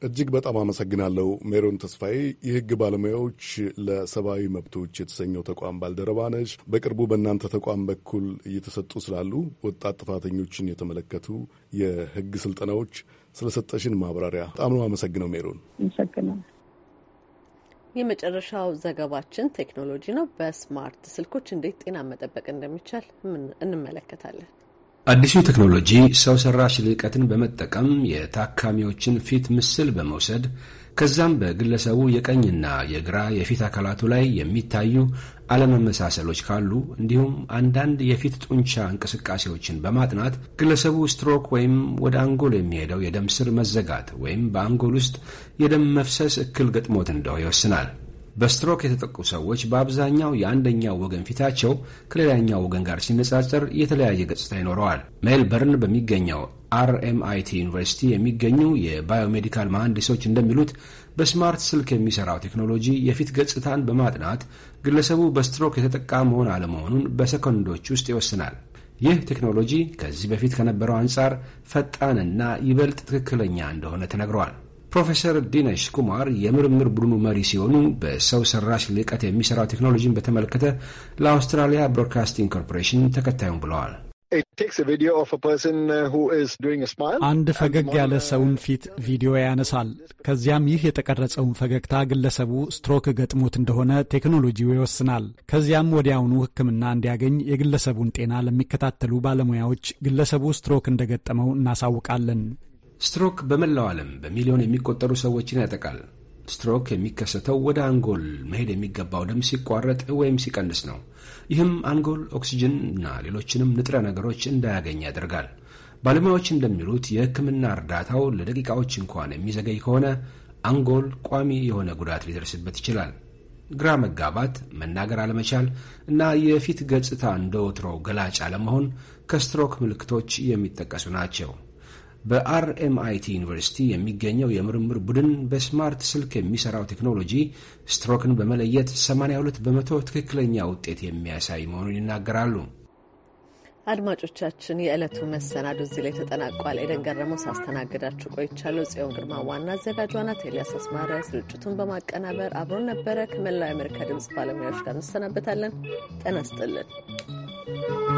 እጅግ በጣም አመሰግናለሁ ሜሮን ተስፋዬ፣ የህግ ባለሙያዎች ለሰብአዊ መብቶች የተሰኘው ተቋም ባልደረባ ነች። በቅርቡ በእናንተ ተቋም በኩል እየተሰጡ ስላሉ ወጣት ጥፋተኞችን የተመለከቱ የህግ ስልጠናዎች ስለሰጠሽን ማብራሪያ በጣም ነው አመሰግነው ሜሮን። አመሰግናለሁ። የመጨረሻው ዘገባችን ቴክኖሎጂ ነው። በስማርት ስልኮች እንዴት ጤና መጠበቅ እንደሚቻል እንመለከታለን። አዲሱ ቴክኖሎጂ ሰው ሰራሽ ልዕቀትን በመጠቀም የታካሚዎችን ፊት ምስል በመውሰድ ከዛም በግለሰቡ የቀኝና የግራ የፊት አካላቱ ላይ የሚታዩ አለመመሳሰሎች ካሉ እንዲሁም አንዳንድ የፊት ጡንቻ እንቅስቃሴዎችን በማጥናት ግለሰቡ ስትሮክ ወይም ወደ አንጎል የሚሄደው የደም ስር መዘጋት ወይም በአንጎል ውስጥ የደም መፍሰስ እክል ገጥሞት እንደው ይወስናል። በስትሮክ የተጠቁ ሰዎች በአብዛኛው የአንደኛው ወገን ፊታቸው ከሌላኛው ወገን ጋር ሲነጻጸር የተለያየ ገጽታ ይኖረዋል። ሜልበርን በሚገኘው አርኤምአይቲ ዩኒቨርሲቲ የሚገኙ የባዮሜዲካል መሐንዲሶች እንደሚሉት በስማርት ስልክ የሚሰራው ቴክኖሎጂ የፊት ገጽታን በማጥናት ግለሰቡ በስትሮክ የተጠቃ መሆን አለመሆኑን በሰከንዶች ውስጥ ይወስናል። ይህ ቴክኖሎጂ ከዚህ በፊት ከነበረው አንጻር ፈጣንና ይበልጥ ትክክለኛ እንደሆነ ተነግረዋል። ፕሮፌሰር ዲነሽ ኩማር የምርምር ቡድኑ መሪ ሲሆኑ በሰው ሰራሽ ልቀት የሚሰራው ቴክኖሎጂን በተመለከተ ለአውስትራሊያ ብሮድካስቲንግ ኮርፖሬሽን ተከታዩም ብለዋል። Uh, አንድ ፈገግ ያለ uh, ሰውን ፊት ቪዲዮ ያነሳል። ከዚያም ይህ የተቀረጸውን ፈገግታ ግለሰቡ ስትሮክ ገጥሞት እንደሆነ ቴክኖሎጂው ይወስናል። ከዚያም ወዲያውኑ ሕክምና እንዲያገኝ የግለሰቡን ጤና ለሚከታተሉ ባለሙያዎች ግለሰቡ ስትሮክ እንደገጠመው እናሳውቃለን። ስትሮክ በመላው ዓለም በሚሊዮን የሚቆጠሩ ሰዎችን ያጠቃል። ስትሮክ የሚከሰተው ወደ አንጎል መሄድ የሚገባው ደም ሲቋረጥ ወይም ሲቀንስ ነው። ይህም አንጎል ኦክሲጅን እና ሌሎችንም ንጥረ ነገሮች እንዳያገኝ ያደርጋል። ባለሙያዎች እንደሚሉት የሕክምና እርዳታው ለደቂቃዎች እንኳን የሚዘገይ ከሆነ አንጎል ቋሚ የሆነ ጉዳት ሊደርስበት ይችላል። ግራ መጋባት፣ መናገር አለመቻል እና የፊት ገጽታ እንደ ወትሮው ገላጭ አለመሆን ከስትሮክ ምልክቶች የሚጠቀሱ ናቸው። በአርኤምአይቲ ዩኒቨርሲቲ የሚገኘው የምርምር ቡድን በስማርት ስልክ የሚሰራው ቴክኖሎጂ ስትሮክን በመለየት 82 በመቶ ትክክለኛ ውጤት የሚያሳይ መሆኑን ይናገራሉ። አድማጮቻችን፣ የዕለቱ መሰናዶ እዚህ ላይ ተጠናቋል። ኤደን ገረመው ሳስተናግዳችሁ ቆይቻለሁ። ጽዮን ግርማ ዋና አዘጋጇ ናት። ኤልያስ አስማረ ስርጭቱን በማቀናበር አብሮን ነበረ። ከመላው የአሜሪካ ድምጽ ባለሙያዎች ጋር እንሰናበታለን። ጤና ይስጥልን።